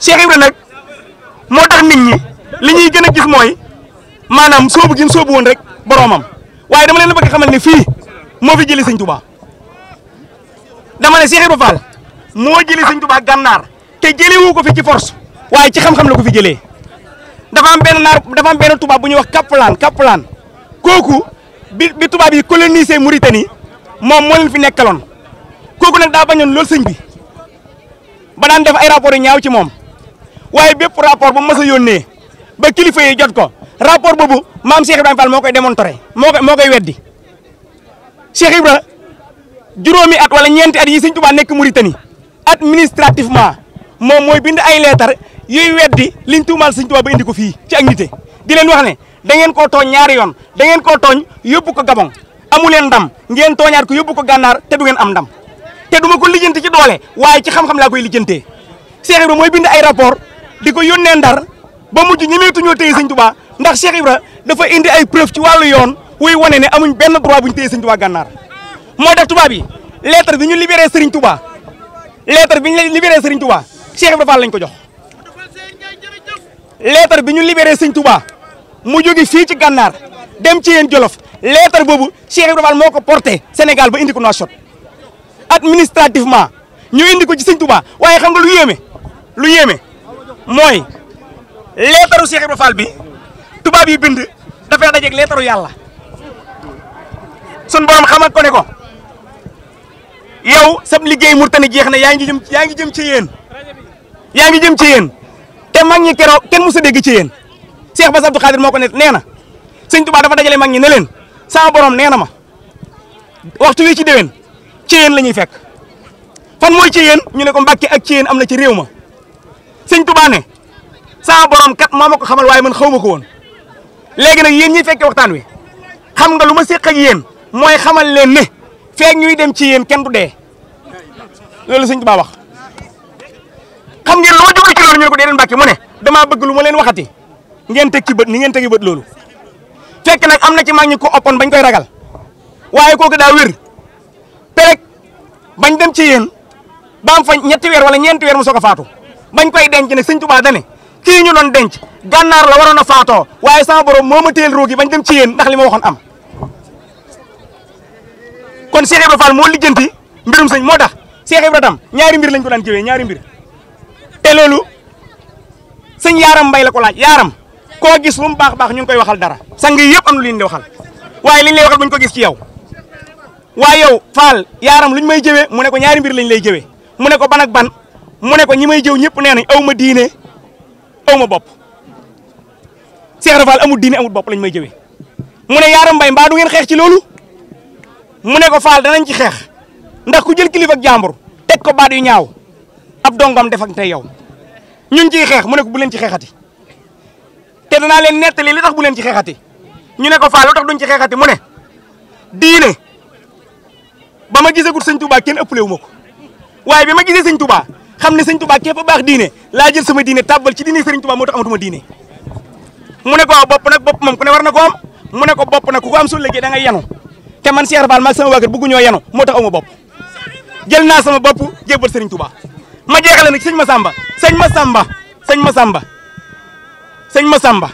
Cheikh Ibrahima nag moo tax nit ñi li ñuy gën a gis mooy. maanaam soobu gi mu soobu woon rek boroomam waaye dama leen bëgg xamal ne fii moo fi jëlee sëñ Touba dama ne Cheikh Ibra Fall moo jëlee sëñ Touba gànnaar te jëlee ko fi ci force waaye ci xam-xam la ko fi jëlee dafa am benn naar dafa am benn tubaab bu ñuy wax Kaplan Kaplan kooku bi bi tubaab yi colonisé Mauritanie moom moo leen fi nekkaloon kooku nag daa bañoon lool sëñ bi ba naan def ay rapport yu ñaaw ci moom waaye bépp rapport ba mas a yónnee ba kilifa yi jot ko. rapport boobu maam Cheikh Ibrahima Fall moo koy démontré moo koy moo koy weddi Cheikh Ibra juróomi at wala ñeenti at yi Sëñ Tuubaa nekk Mauritanie administrativement moom mooy bind ay leetar yuy weddi liñ tuumaal Sëñ Tuubaa ba indi ko fii ci ak nite di leen wax ne da ngeen koo tooñ ñaari yoon da ngeen koo tooñ yóbbu ko Gabon amu leen ndam ngeen tooñaat ko yóbbu ko gànnaar te du ngeen am dam te duma ko lijjanti ci doole waaye ci xam-xam laa koy lijjantee Cheikh Ibra mooy bind ay rapport di ko yónnee ndar ba mujj ñemeetuñoo téye Sëñ Tuubaa ndax Cheikh Ibra dafa indi ay preuve ci wàllu yoon wuy wane ne amuñ benn droit bu ñu téye Serigne Touba gànnaar moo tax tubaab yi lettre bi ñu libéré Serigne Touba lettre bi ñu libéré Serigne Touba Cheikh Ibra Fall lañ ko jox. lettre bi ñu libéré Serigne Touba mu jóge fii ci gànnaar dem ci Jolof lettre boobu Cheikh Ibra Fall moo ko porté Sénégal ba indi ko Nouakchott administrativement ñu indi ko ci Serigne Touba waaye xam nga lu yéeme lu yéeme mooy lettre Cheikh Ibra Fall bi. tubaab yi bind dafay dajeeg leetaru yàlla sun borom xamal ko ne ko yow sab liggéey murtani jeex na yaa ngi jëm yaa ngi jëm ci yéen yaa ngi jëm ci yéen te mag ñi keroog kenn musa dégg ci yéen Cheikh Bass Abdou moo ko ne nee na sëñ Tuubaa dafa dajale mag ñi ne leen sama borom nee na ma waxtu wi ci déwén ci yéen fekk fan mooy ci yéen ñu ne ko Mbàkke ak ci am na ci réew ma sëñ Tuubaa ne sama borom kat maa ma ko xamal waaye man xaw ma ko woon léegi nag yéen ñi fekke waxtaan wi xam nga lu ma séq ak yéen mooy xamal leen ne feek ñuy dem ci yéen kenn du dee loolu sëñ Tuubaa wax xam ngeen lu ma jublu ci loolu ñu ne ko dee leen Mbàkke mu ne damaa bëgg lu ma leen waxati ngeen teg ci bët ni ngeen tegi bët loolu fekk nag am na ci mag ñi ko oppoon bañ koy ragal waaye kooku daa wér perek bañ dem ci yéen baam fa ñetti weer wala ñeenti weer mu soog a faatu bañ koy denc nag sëñ Tuubaa da kii ñu doon denc gànnaar la waroon a faatoo waaye sama borom moo ma téyel ruug bañ dem ci yéen ndax li ma waxoon am kon Cheikh Ibra Fall moo lijjanti mbirum sëñ moo dax Cheikh Ibra tam ñaari mbir lañ ko daan jëwee ñaari mbir te loolu sëñ yaaram mbay la ko laaj yaaram koo gis lu mu baax baax ñu ngi koy waxal dara sang yi yëpp am lu leen di waxal waaye liñ lay waxal ko gis ci yow waaye yow Fall yaaram luñ may jëwee mu ne ko ñaari mbir lañ lay jëwee mu ne ko ban ak ban mu ne ko ñi may jëw ñëpp nee nañ aw ma diine aw ma bopp Cheikh Rafal amul diine amul bopp lañ may jëwee mu ne Yaaram Mbaye mbaa du ngeen xeex ci loolu mu ne ko Fall danañ ci xeex ndax ku jël kilifa ak teg ko baat yu ñaaw ab dongam def ak yow ñun ciy xeex mu ne ko bu leen ci xeexati te danaa leen nettali li tax bu leen ci xeexati ñu ne ko Fall lu tax duñ ci xeexati mu ne diine ba ma gisee gul sëñ Touba kenn ëppale wu ma ko waaye bi ma gisee sëñ Touba xam ne sëñ Tuubaa képp baax diine laa jël sama diine tàbbal ci diine sëriñ Tuubaa moo tax amatuma diine mu ne ko bopp nag bopp moom ku ne war na ko am mu ne ko bopp na ku ko am su léegi da ngay yanu te man Cheikh Fall maag sama waa kër bëggu ñoo yanu moo tax aw ma bopp jël naa sama tuba jébbal sëriñ Tuubaa ma jeexale nag sëñ Masamba sëñ Masamba sëñ Masamba sëñ Masamba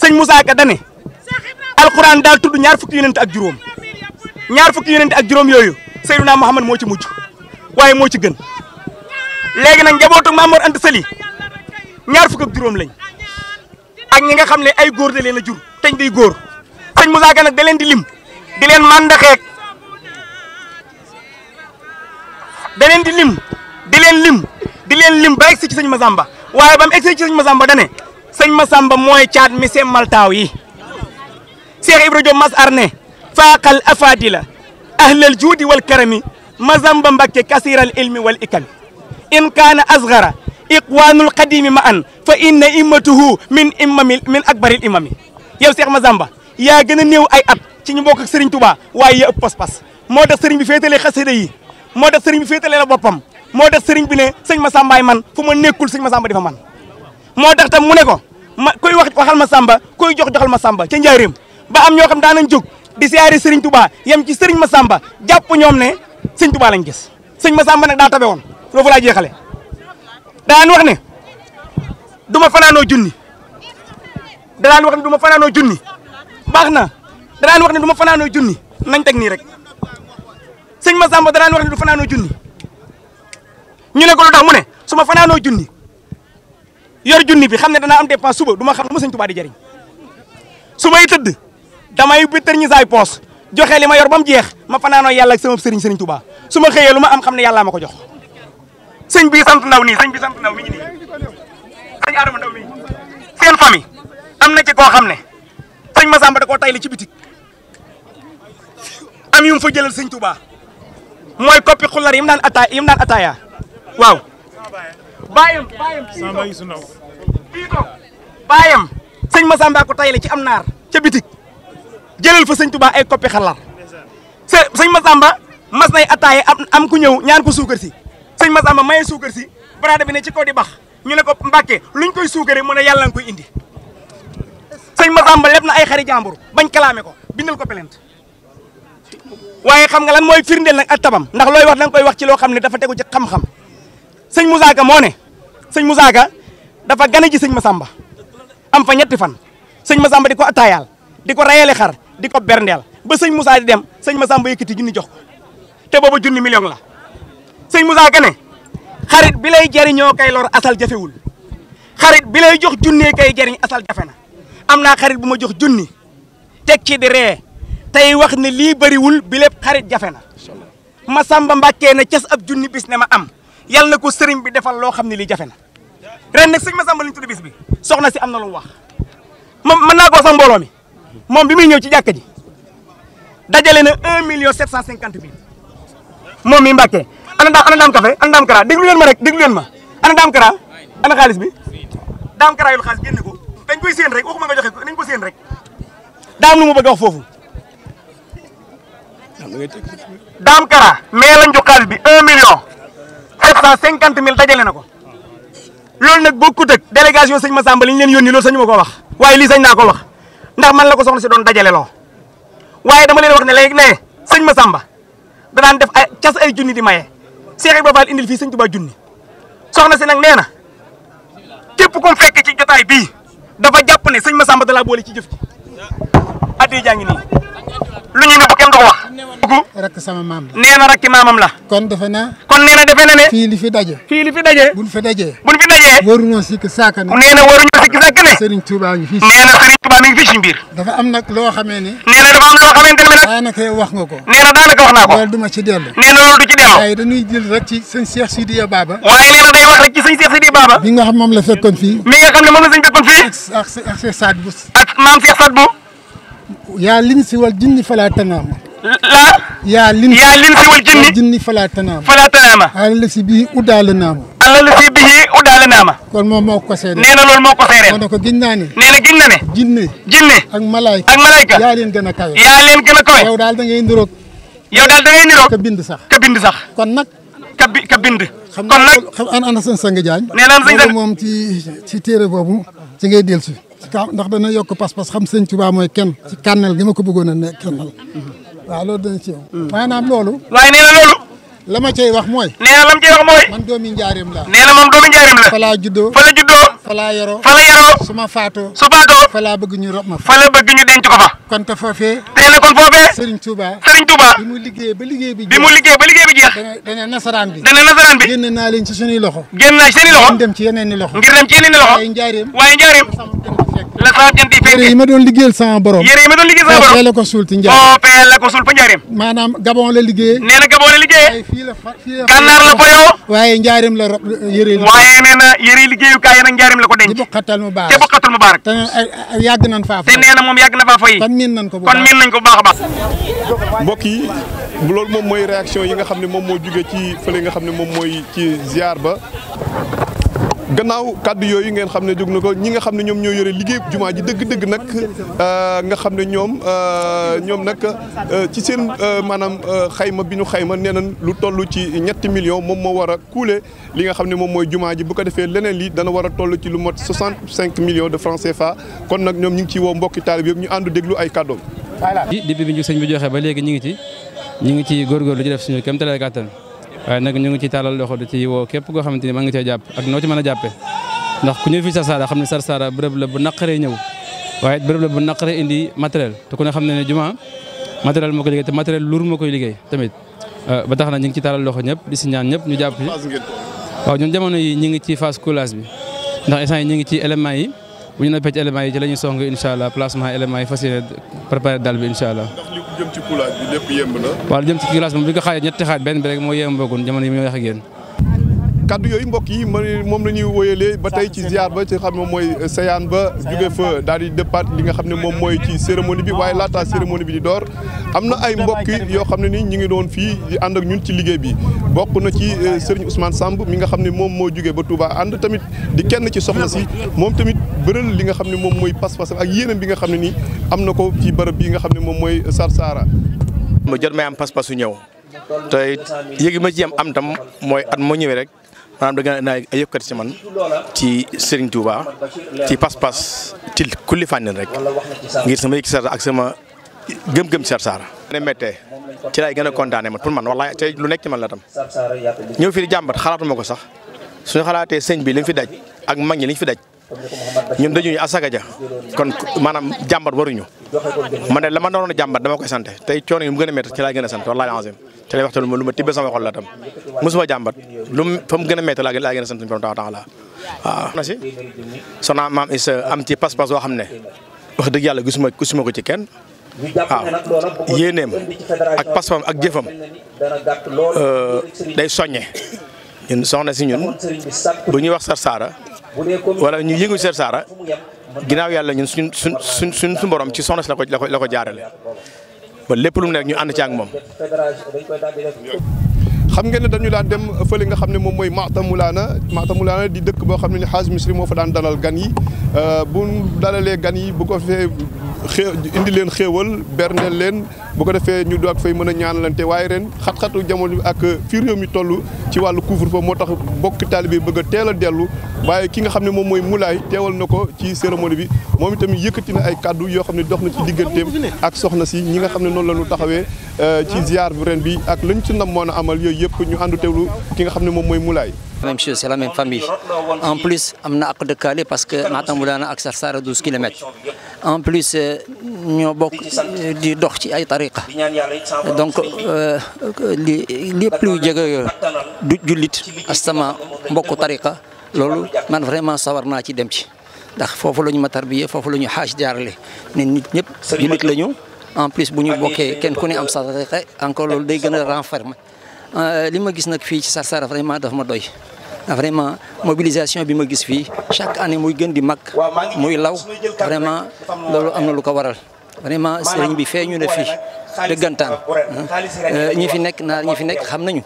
sëñ Moussa Ka dane alxuraan daal tudd ñaar fukki yonent ak juróom ñaar fukki yonent ak juróom yooyu Seydunaa Muhammad moo ci mujj waaye moo ci gën léegi nag njabootu Mamour Anta Sali ñaar fukk juróom lañ ak ñi nga xam ne ay góor da leen a jur teñ day góor sëñ Moussa Ka nag da leen di lim di leen mandaxeek da leen di lim di leen lim di leen lim ba egsi ci sëñ Masamba waaye ba mu egsi ci sëñ Masamba dane sëñ Masamba mooy caat mi semmal taaw yi Cheikh Ibra Diop mas arne faaqal afadila ahlal juudi wal karami Masamba Mbakke kasiral ilmi wal ikami in kaana asgara iqwaanul qadimi ma an fa inna immatuhu min imami min akbaril imami yow Seex samba yaa gën a néew ay at ci ñu bokk ak Serigne waaye yaa ëpp pas-pas moo tax Serigne bi féetalee xasida yi moo tax Serigne bi féetalee la boppam moo tax Serigne bi ne sëñ Masamba ay man fu ma nekkul ma samba di fa man moo tax tam mu ne ko ma koy wax waxal Masamba koy jox joxal Masamba ca njaareem ba am ñoo xam daanañ jóg di siyaare Serigne Touba yem ci Serigne Masamba jàpp ñoom ne sëñ Touba lañ gis sëñ Masamba nag daa tabe woon foofu laa jeexale daan wax ne du ma fanaanoo junni daan wax ne du ma fanaanoo junni baax na daan wax ne du ma fanaanoo junni nañ nii rek sëñ Massamba daan wax ne du fanaanoo junni ñu ne ko lu tax su ma fanaanoo junni yor junni bi xam ne danaa am dépense suba du ma xam ma sëñ Tuubaa di jëriñ su may tëdd damay bi tër ñi saay poos joxe li ma yor ba mu jeex ma fanaanoo yàlla ak sama sëriñ sëriñ Tuubaa su ma xëyee lu ma am xam ne yàllaa ma ko jox sëñ bii sant ndaw nii sëñ bi sant seen famille am na ci koo xam ne sëñ Masamba da tay tayle ci bitik am yu mu fa jëlal sëñ Touba mooy koppi xullar yi mu daan ataa yi mu daan ataaya waaw. bàyyam bàyyam kii su ndaw kii ci am naar ca bitik jëlal fa sëñ Touba ay koppi xallar sëñ Masamba mas nay ataaya am ku ñëw ñaan ko suukar si. sëñ Masamba maye suukar si baraada bi ne ci kaw di bax ñu ne ko Mbàkke luñ koy suukaree mu ne yàlla nga koy indi sëñ Masamba leb na ay xari jàmbur bañ kalaame ko bindal ko plainte waaye xam nga lan mooy firndeel nag ak tabam ndax looy wax da nga koy wax ci loo xam ne dafa tegu ci xam-xam sëñ Moussa moo ne sëñ Moussa dafa gana ji sëñ samba am fa ñetti fan sëñ Masamba di ko attaayaal di ko rayale xar di ko berndeel ba sëñ Moussa di dem sëñ Masamba yëkkati junni jox ko te booba junni la sëñ Moussa Kane xarit bi lay jariñoo kay lor asal jafewul xarit bi lay jox junni kay jariñ asal jafe na am naa xarit bu ma jox junni teg ci di ree tey wax ne lii bëriwul bi lépp xarit jafe na ma sàmba mbàkkee na cas ak junni bis ne ma am yàlla na ko sëriñ bi defal loo xam ne lii jafe na ren nag sëñ ma sàmba li ñu bis bi soxna si am na lu wax moom mën naa koo sax mi moom bi muy ñëw ci jàkka ji dajale na un million sept cent cinquante mille moom mi mbàkkee ana daam ana daam café ana daam kara déglu leen ma rek déglu leen ma ana daam kara ana xaalis bi daam kara yul xaalis génne koy séen rek waxuma nga ko nañ rek daam lu mu bëgg wax foofu daam kara mais lañ jox xaalis bi un million sept cent cinquante mille dajale na ko loolu nag bokkut ak délégation sëñ Massamba li ñu leen yónni loolu sañu ma ko wax waaye lii sañ naa ko wax ndax man la ko soxna si doon dajale loo waaye dama leen wax ne léegi ne sëñ Massamba danaan def ay cas ay di maye Cheikh Ibrahima Fall indil fii sëñ Tuubaa junni soxna si nag nee na képp ku mu ci jotaay bii dafa jàpp ne sëñ Massamba da laa boole ci jëf ci addi jaa ngi la lu ñuy nëbb kenn du ko wax. dugg rakk sama maam la. nee na rakki maamam la. kon defe na kon nee na defe na ne. fii li fi daje. fii li fi daje. buñ fi dajee. buñ fi dajee. waruñoo sikki saaka ne. nee na waruñoo sikki saaka ne. Serigne Touba ñu fii si. nee na Serigne Touba mi ngi fii si mbir. dafa am nag loo xamee ne. nee na dafa am loo xamante ne. daanaka wax nga ko. nee na daanaka wax naa ko. loolu du ma ci dellu. nee na loolu du ci dellu. waaye dañuy jël rek ci sëñ Cheikh Sidiya Baba. waaye nee na day wax rek ci sëñ Cheikh Sidiya Baba. mi nga xam moom la fekkoon fii. mi nga xam ne moom la sëñ fekkoon fii. ak ak Cheikh Sadbou. ak maam Cheikh Sadbou. yaa linsi wal jinni falaa tanaama. yaa linsi yaa linsi wal jinni. jinni falaa tanaama. falaa tanaama. alal si bii uddaale naama. alal si bii uddaale naama. kon moom moo ko seereen. nee na loolu moo ko seereen. moo ne ko giñ naa ne. nee na giñ na ne. jinne. jinne ak malaayka ak malaayka. yaa leen gën a kawe. daal da ngay niroog. yow daal da ngay niroog. ka bind sax ka bind sax. kon nag. ka bi ka bind. xam naa ana sëñ Sang Jaañ. nee naa sëñ moom ci ci téere boobu ci ngay dellusi. ci kaw ndax dana yokk pas-pas xam sëñ Tuubaa mooy kenn ci kànnel gi ma ko bëggoon a kennal hmm. waaye nee loolu la ma wax mooy nee na la wax mooy man doomi njaarim la nee na moom doomi njaarim la su ma faatoo su faatoo fa bëgg ñu rob ma fa bëgg ñu denc ko kon te foofee nee na kon foofee Serigne Touba bi mu liggéey ba liggéey bi bi mu nasaraan bi dana nasaraan bi génn naa leen ci waaye njaarim la saa jënd di fekk yére yi doon liggéeyal sama borom yére yi doon liggéeyal sama borom foofee la ko suul ci njaareem foofee la ko maanaam gabon la liggéeyee nee na gabon la liggéeyee gànnaar la boyoo waaye njaareem la yére waaye nee na yére yi liggéeyukaay yi nag njaareem la ko denc ci bokkatal mu baax te bokkatal mu baax te yàgg nañ faa te nee na moom yàgg na faa fay kon miin nañ ko bu baax kon ko bu baax a mbokk yi loolu moom mooy réaction yi nga xam ne moom moo jóge ci fële nga xam ne moom mooy ci ba gannaaw kàddu yooyu ngeen xam ne jóg na ko ñi nga xam ne ñoom ñoo yore liggéey jumaa ji dëgg-dëgg nag euh, nga xam ne ñoom euh, ñoom nag euh, ci seen maanaam xayma bi ñu xayma nee na lu toll ci ñetti millions moom moo war a kuule li nga xam ne moom mooy jumaa ji bu ko defee leneen li dana war a toll ci lu mot 65 millions de francs CFA kon nag ñoom ñu ngi ciy woo mbokki taalib yëpp ñu ànd déglu ay kàddoom. voilà. depuis bi ñu sëñ bi joxe ba léegi ñu ngi ci ñu ngi ci góorgóorlu ci def suñu kéemtalaay kàttan waaye nag ñu ngi ci tàllal loxo di ci woo képp koo xamante ni ma nga cee jàpp ak noo ci mën a jàppee ndax ku ñëw fii Sarsara xam ne Sarsara bërëb la bu naqaree ñëw waaye bërëb la bu naqaree indi matériel te ku ne xam ne ne juma matériel moo koy liggéey te matériel lourd moo koy liggéey tamit euh, ba tax na ñu ngi ci tàllal loxo ñëpp di si ñaan ñëpp ñu jàpp ci waaw ñun jamono yi ñu ngi ci phase coulage bi ndax instant yi ñu ngi ci éléments yi bu ñu noppee ci éléments yi ci la ñuy song incha allah placement éléments yi allah jëm ci coulage bi lépp yemb na. waaw jëm ci coulage moom bi nga xaajee ñetti xaaj benn bi rek moo yembagoon jamono yi muy wax ak yéen kaddu yooyu mbokk yi moom la ñuy wóyalee ba tey ci ziar ba ci xam ne mooy seyaan ba jóge fa daal di départ li nga xam ne moom mooy ci cérémonie bi waaye laata cérémonie bi di door am na ay mbokk yoo xam ne ni ñu ngi doon fii di ànd ak ñun ci liggéey bi bokk na ci euh, Serigne Ousmane Samb mi nga xam ne moom moo jóge ba Touba ànd tamit di kenn ci soxna si moom tamit bëral li nga xam ne moom mooy pas-pasam ak yéenam bi nga xam ne nii am na ko ci bërëb bi nga xam ne moom mooy Sarsara ma jot may am pas-pasu ñëw te yëgi ma ci am tam mooy at moo ñëwee rek maanaam da nga naa ay yëpp kat ci man ci Serigne Touba ci pas-pas til kulli fànnin rek ngir sama yëg sar ak sama gëm-gëm sar saara ne ci laay gën a kontaane man pour man wallaay tey lu nekk ma man la tam ñëw fii di jàmbat ma ko sax suñu xalaatee sëñ bi li fi daj ak mag ñi li ñu fi daj ñun dañuy asaga kon maanaam jàmbat waruñu man ne la ma doon jàmbat dama koy sant tey coono mu gën a métti ci laay gën a sant wallaay te lay waxtaan lu ma tibbee sama xol la tam mosuma jàmbat lu fa mu gën a métti laa laa gën a sant suñu borom taala soxna maam am ci pas-pas boo xam ne wax dëgg yàlla gisuma gisuma ko ci kenn waaw ak pas-pasam ak jëfam euh, day soññe ñun soxna si ñun bu ñuy wax Sarsara wala ñu yëngu Sarsara ginnaaw yàlla ñun suñ suñ suñ suñ borom ci soxna si la ko la ko jaarale. ba lépp lu mu nekk ñu ànd ci ak moom. xam ngeen dañu daan dem fële nga xam ne moom mooy Maatamulaana Maatamulaana di dëkk boo xam ne ni xaaj misri moo fa daan dalal gan yi euh, bu dalalee gan yi bu ko fee indi leen xéewal berndeel leen. bu ko defee ñu doog fay mën a ñaanalante waaye ren xat-xatu jamono bi ak fii réew mi toll ci wàllu couvre-feu moo tax bokk taalibe bëgg a a dellu waaye ki nga xam ne moom mooy Moulay teewal na ko ci cérémonie bi moom itamit yëkkati na ay kàddu yoo xam ne dox na ci digganteem ak soxna si ñi nga xam ne noonu la ñu taxawee euh, ci ziar bi ren bi ak lañ ci nam moon a amal yooyu yëpp ñu àndu teewlu ki xam ne moom mooy mulaay même chose c'est la même famille en plus am na ak dëkkaale parce que Matam daana ak Sarsara 12 kilomètres en plus euh, ñoo bokk euh, di dox ci ay tariqa donc euh, li lépp luy jege yooyu du jullit astama mbokku tariqa loolu man vraiment sawar naa ci dem ci ndax foofu la ñu ma tarbiyee foofu la ñu xaaj jaarale ne nit ñëpp jullit la ñu en plus bu ñu bokkee kenn ku ne am sa tariqa encore loolu day gën a renfermer Euh, li ma gis nag fii ci Sarsara vraiment daf ma doy vraiment mobilisation bi ma gis fii chaque année muy gën di mag muy law vraiment loolu am na lu ko waral vraiment sëriñ bi feeñu na fii dëggantaan euh, ñi fi nekk naar ñi fi nekk xam nañu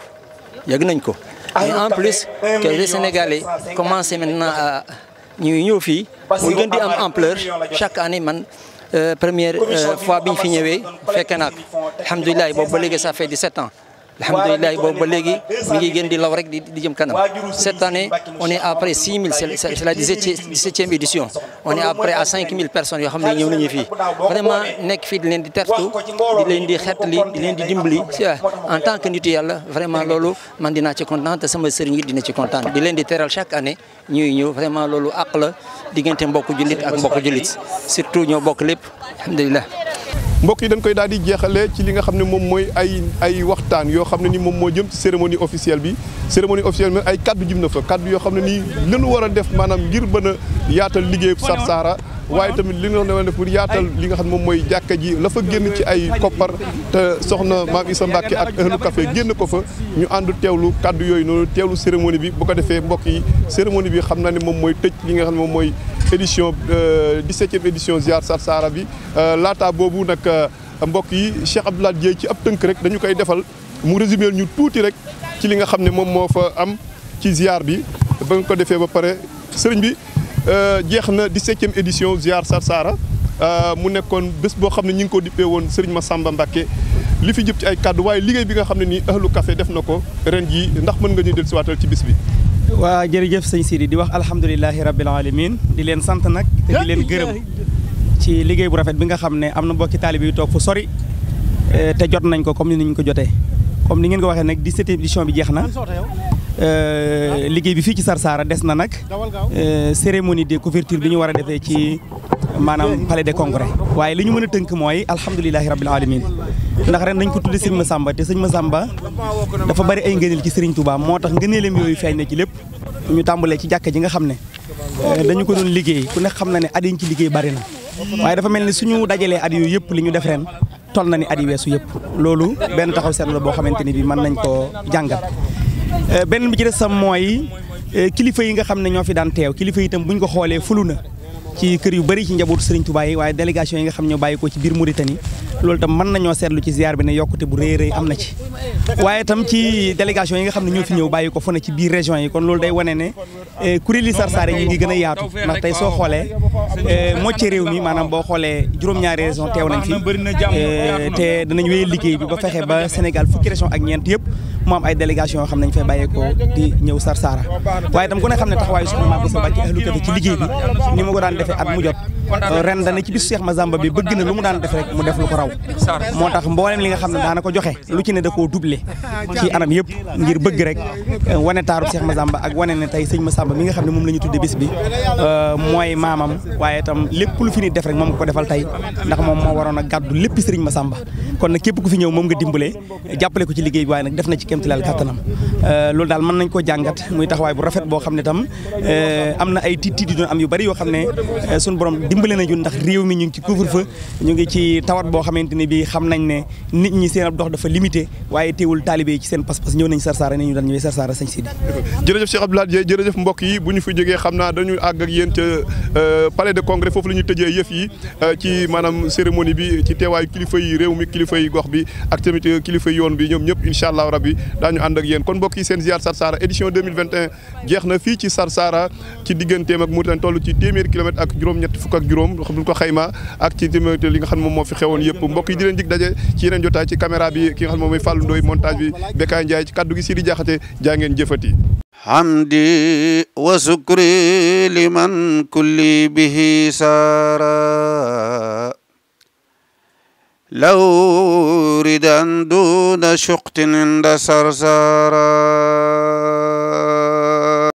yëg nañ ko mais ah, en plus que les Sénégalais commencent maintenant à ñuy ñëw fii muy gën di am ampleur chaque année man euh, première fois bi ñu fi ñëwee fekke naa ko alhamdulilah boobu ba léegi ça fait 17 ans alhamdulilah boobu ba léegi mi ngi gën di law rek di di jëm kanam cette année on est après 6 000 c'est la 17e édition on est après à 5 000 personnes yoo xam ne ñëw nañu fii vraiment nekk fii di leen di tertu di leen di xeetli di leen di dimbali en tant que nitu yàlla vraiment loolu man dinaa ci kontaan te sama sëriñ yi dina ci kontaan di leen di teral chaque année ñuy ñëw vraiment loolu àq la diggante mbokk jullit ak mbokk jullit surtout ñoo bokk lépp alhamdulilah mbokk yi dañ koy daal di jeexalee ci li nga xam ne moom mooy ay ay waxtaan yoo xam ne nii moom moo jëm ci cérémonie officielle bi cérémonie officielle bi ay kaddu jëm na fa kaddu yoo xam ne nii lenu war a def maanaam ngir mën a yaatal liggéeyu Sar saara waaye tamit li nga doon ne pour yaatal li nga xam moom mooy jàkka ji la fa génn ci ay koppar te soxna maam Issa Mbacke ak Euhlou Café génn ko fa ñu ànd teewlu kaddu yooyu noonu teewlu cérémonie bi boo ko defee mbokk yi cérémonie bi xam naa ne moom mooy tëj li nga xam moom mooy édition 17e euh, édition ziar Sarsara bi euh, laata boobu nag euh, mbokk yi Cheikh Abdoulaye Dieye ci ab tënk rek dañu koy defal mu résumé ñu tuuti rek ci li nga xam ne moom moo fa am ci ziar bi ba nga ko defee ba pare sëriñ bi Euh, jeex na 17e édition ziar Sarsara euh, mu nekkoon bés boo xam ne ñi ngi ko dippee woon ma Massamba Mbacké li fi jëp ci ay kàddu waaye liggéey bi nga xam ne nii ahlu kafe def na ko ren ji ndax mën nga ñuy del siwaatal ci bis bi waa jërëjëf sëñ Sidi di wax alhamdulilahi rabbil alamin di leen sant nag te di leen gërëm ci liggéey bu rafet bi nga xam ne am na mbokki taalibe yu toog fu sori eh, te jot nañ ko comme ni ñu ko jotee comme ni ngeen ko waxee nag 17e édition bi jeex na euh, liggéey bi fii ci Sarsara des na nag euh, cérémonie de couverture bi ñu war a defee ci maanaam palais des congrès waaye li ñu mën a tënk mooy alhamdulilahi rabbil alamin ndax ren dañ ko tudde sëñ Massamba te sëñ Massamba dafa bari ay ngëneel ci Serigne Touba moo tax ngëneelam yooyu feeñ na ci lépp ñu tàmbalee ci jàkka ji nga xam ne euh, dañu ko doon liggéey ku ne xam na ne at yi ci liggéey bari na waaye dafa ni suñu dajalee yooyu yëpp li ñu def toll na ni at weesu yëpp loolu benn taxaw seetlu la boo xamante ni bi mën nañ koo jàngat euh, benn bi ci des sam mooy euh, kilifa yi nga xam ne ñoo fi daan teew kilifa yi itam buñ ko xoolee fulu na ci kër yu bari ci njabootu Serigne Touba yi waaye délégation yi nga xam ñoo bàyyi ko ci biir Mauritanie loolu tam mën nañoo seetlu ci ziar bi ne yokkute bu rëy rëy am na ci waaye tam ci délégation yi nga xam ne ñoo fi ñëw bàyyi ko fu ne ci biir région yi kon loolu day wane ne eh, kuréeli Sarsara yi ngi gën a yaatu ndax tey soo xoolee eh, mocce réew mi maanaam boo xoolee juróom-ñaari région teew nañ fi eh, te danañ wéyal liggéey bi ba fexe ba Sénégal fukki région ak ñeent yëpp mu ay délégation yoo xam ne dañ fay bàyyeekoo di ñëw Sarsara waaye tam ku ne xam ne taxawaayu soxna Mame Issa Mbacké ci liggéey bi ni ma ko daan defee at mu jot Euh, ren dana ci bisu ma Massamba bi bëgg na lu mu daan def rek mu def lu ko raw moo tax mboolem li nga xam ne daana ko joxe lu ci ne da koo doublé ci anam yëpp ngir bëgg rek euh, wane taaru ma Massamba ak wane ne tey sëñ Massamba mi nga xam ne moom la ñu tudde bis bi euh, mooy maamam waaye tam lépp lu fi nit def rek moom nga ko defal tey ndax moom moo waroon a gàddu lépp sëriñ Massamba kon na képp ku fi ñëw moom nga dimbalee jàppale ko ci liggéey bi waaye def na ci kéemtalaal kàttanam loolu daal mën nañ ko jàngat muy taxawaay bu rafet boo xam ne tam am na ay tiit am yu bari yoo xam ne suñu borom dimbale nañu ndax réew mi ñu ngi ci couvre-feu ñu ngi ci tawat ak yéen ca euh, de congrès foofu la ñu tëjee yëf yi euh, ci maanaam cérémonie bi ci teewaayu kilifa réew mi kilifa gox bi ak tamit euh, kilifa yi yoon bi ñëpp incha allah rabbi daañu ànd ak yéen kon mbokk seen ziar sarsaara édition 2021 jeex na fii ci sarsaara ci digganteem ak Mauritanie toll ci téeméer kilomètre ak juróom-ñett fukk juróom buñ ko xayma ak ci dimanche li nga xam ne moom moo fi xewoon yëpp mbokk yi di leen dig daje ci yeneen jotaay ci caméra bi ki nga xam ne moom mooy Fallou bi Bekkaay Ndiaye kaddu gi Sidi Diakhaté jaa ngeen jëfati hamdi wa sukri liman kulli bihi sara law ridan duna shuqtin inda sarsara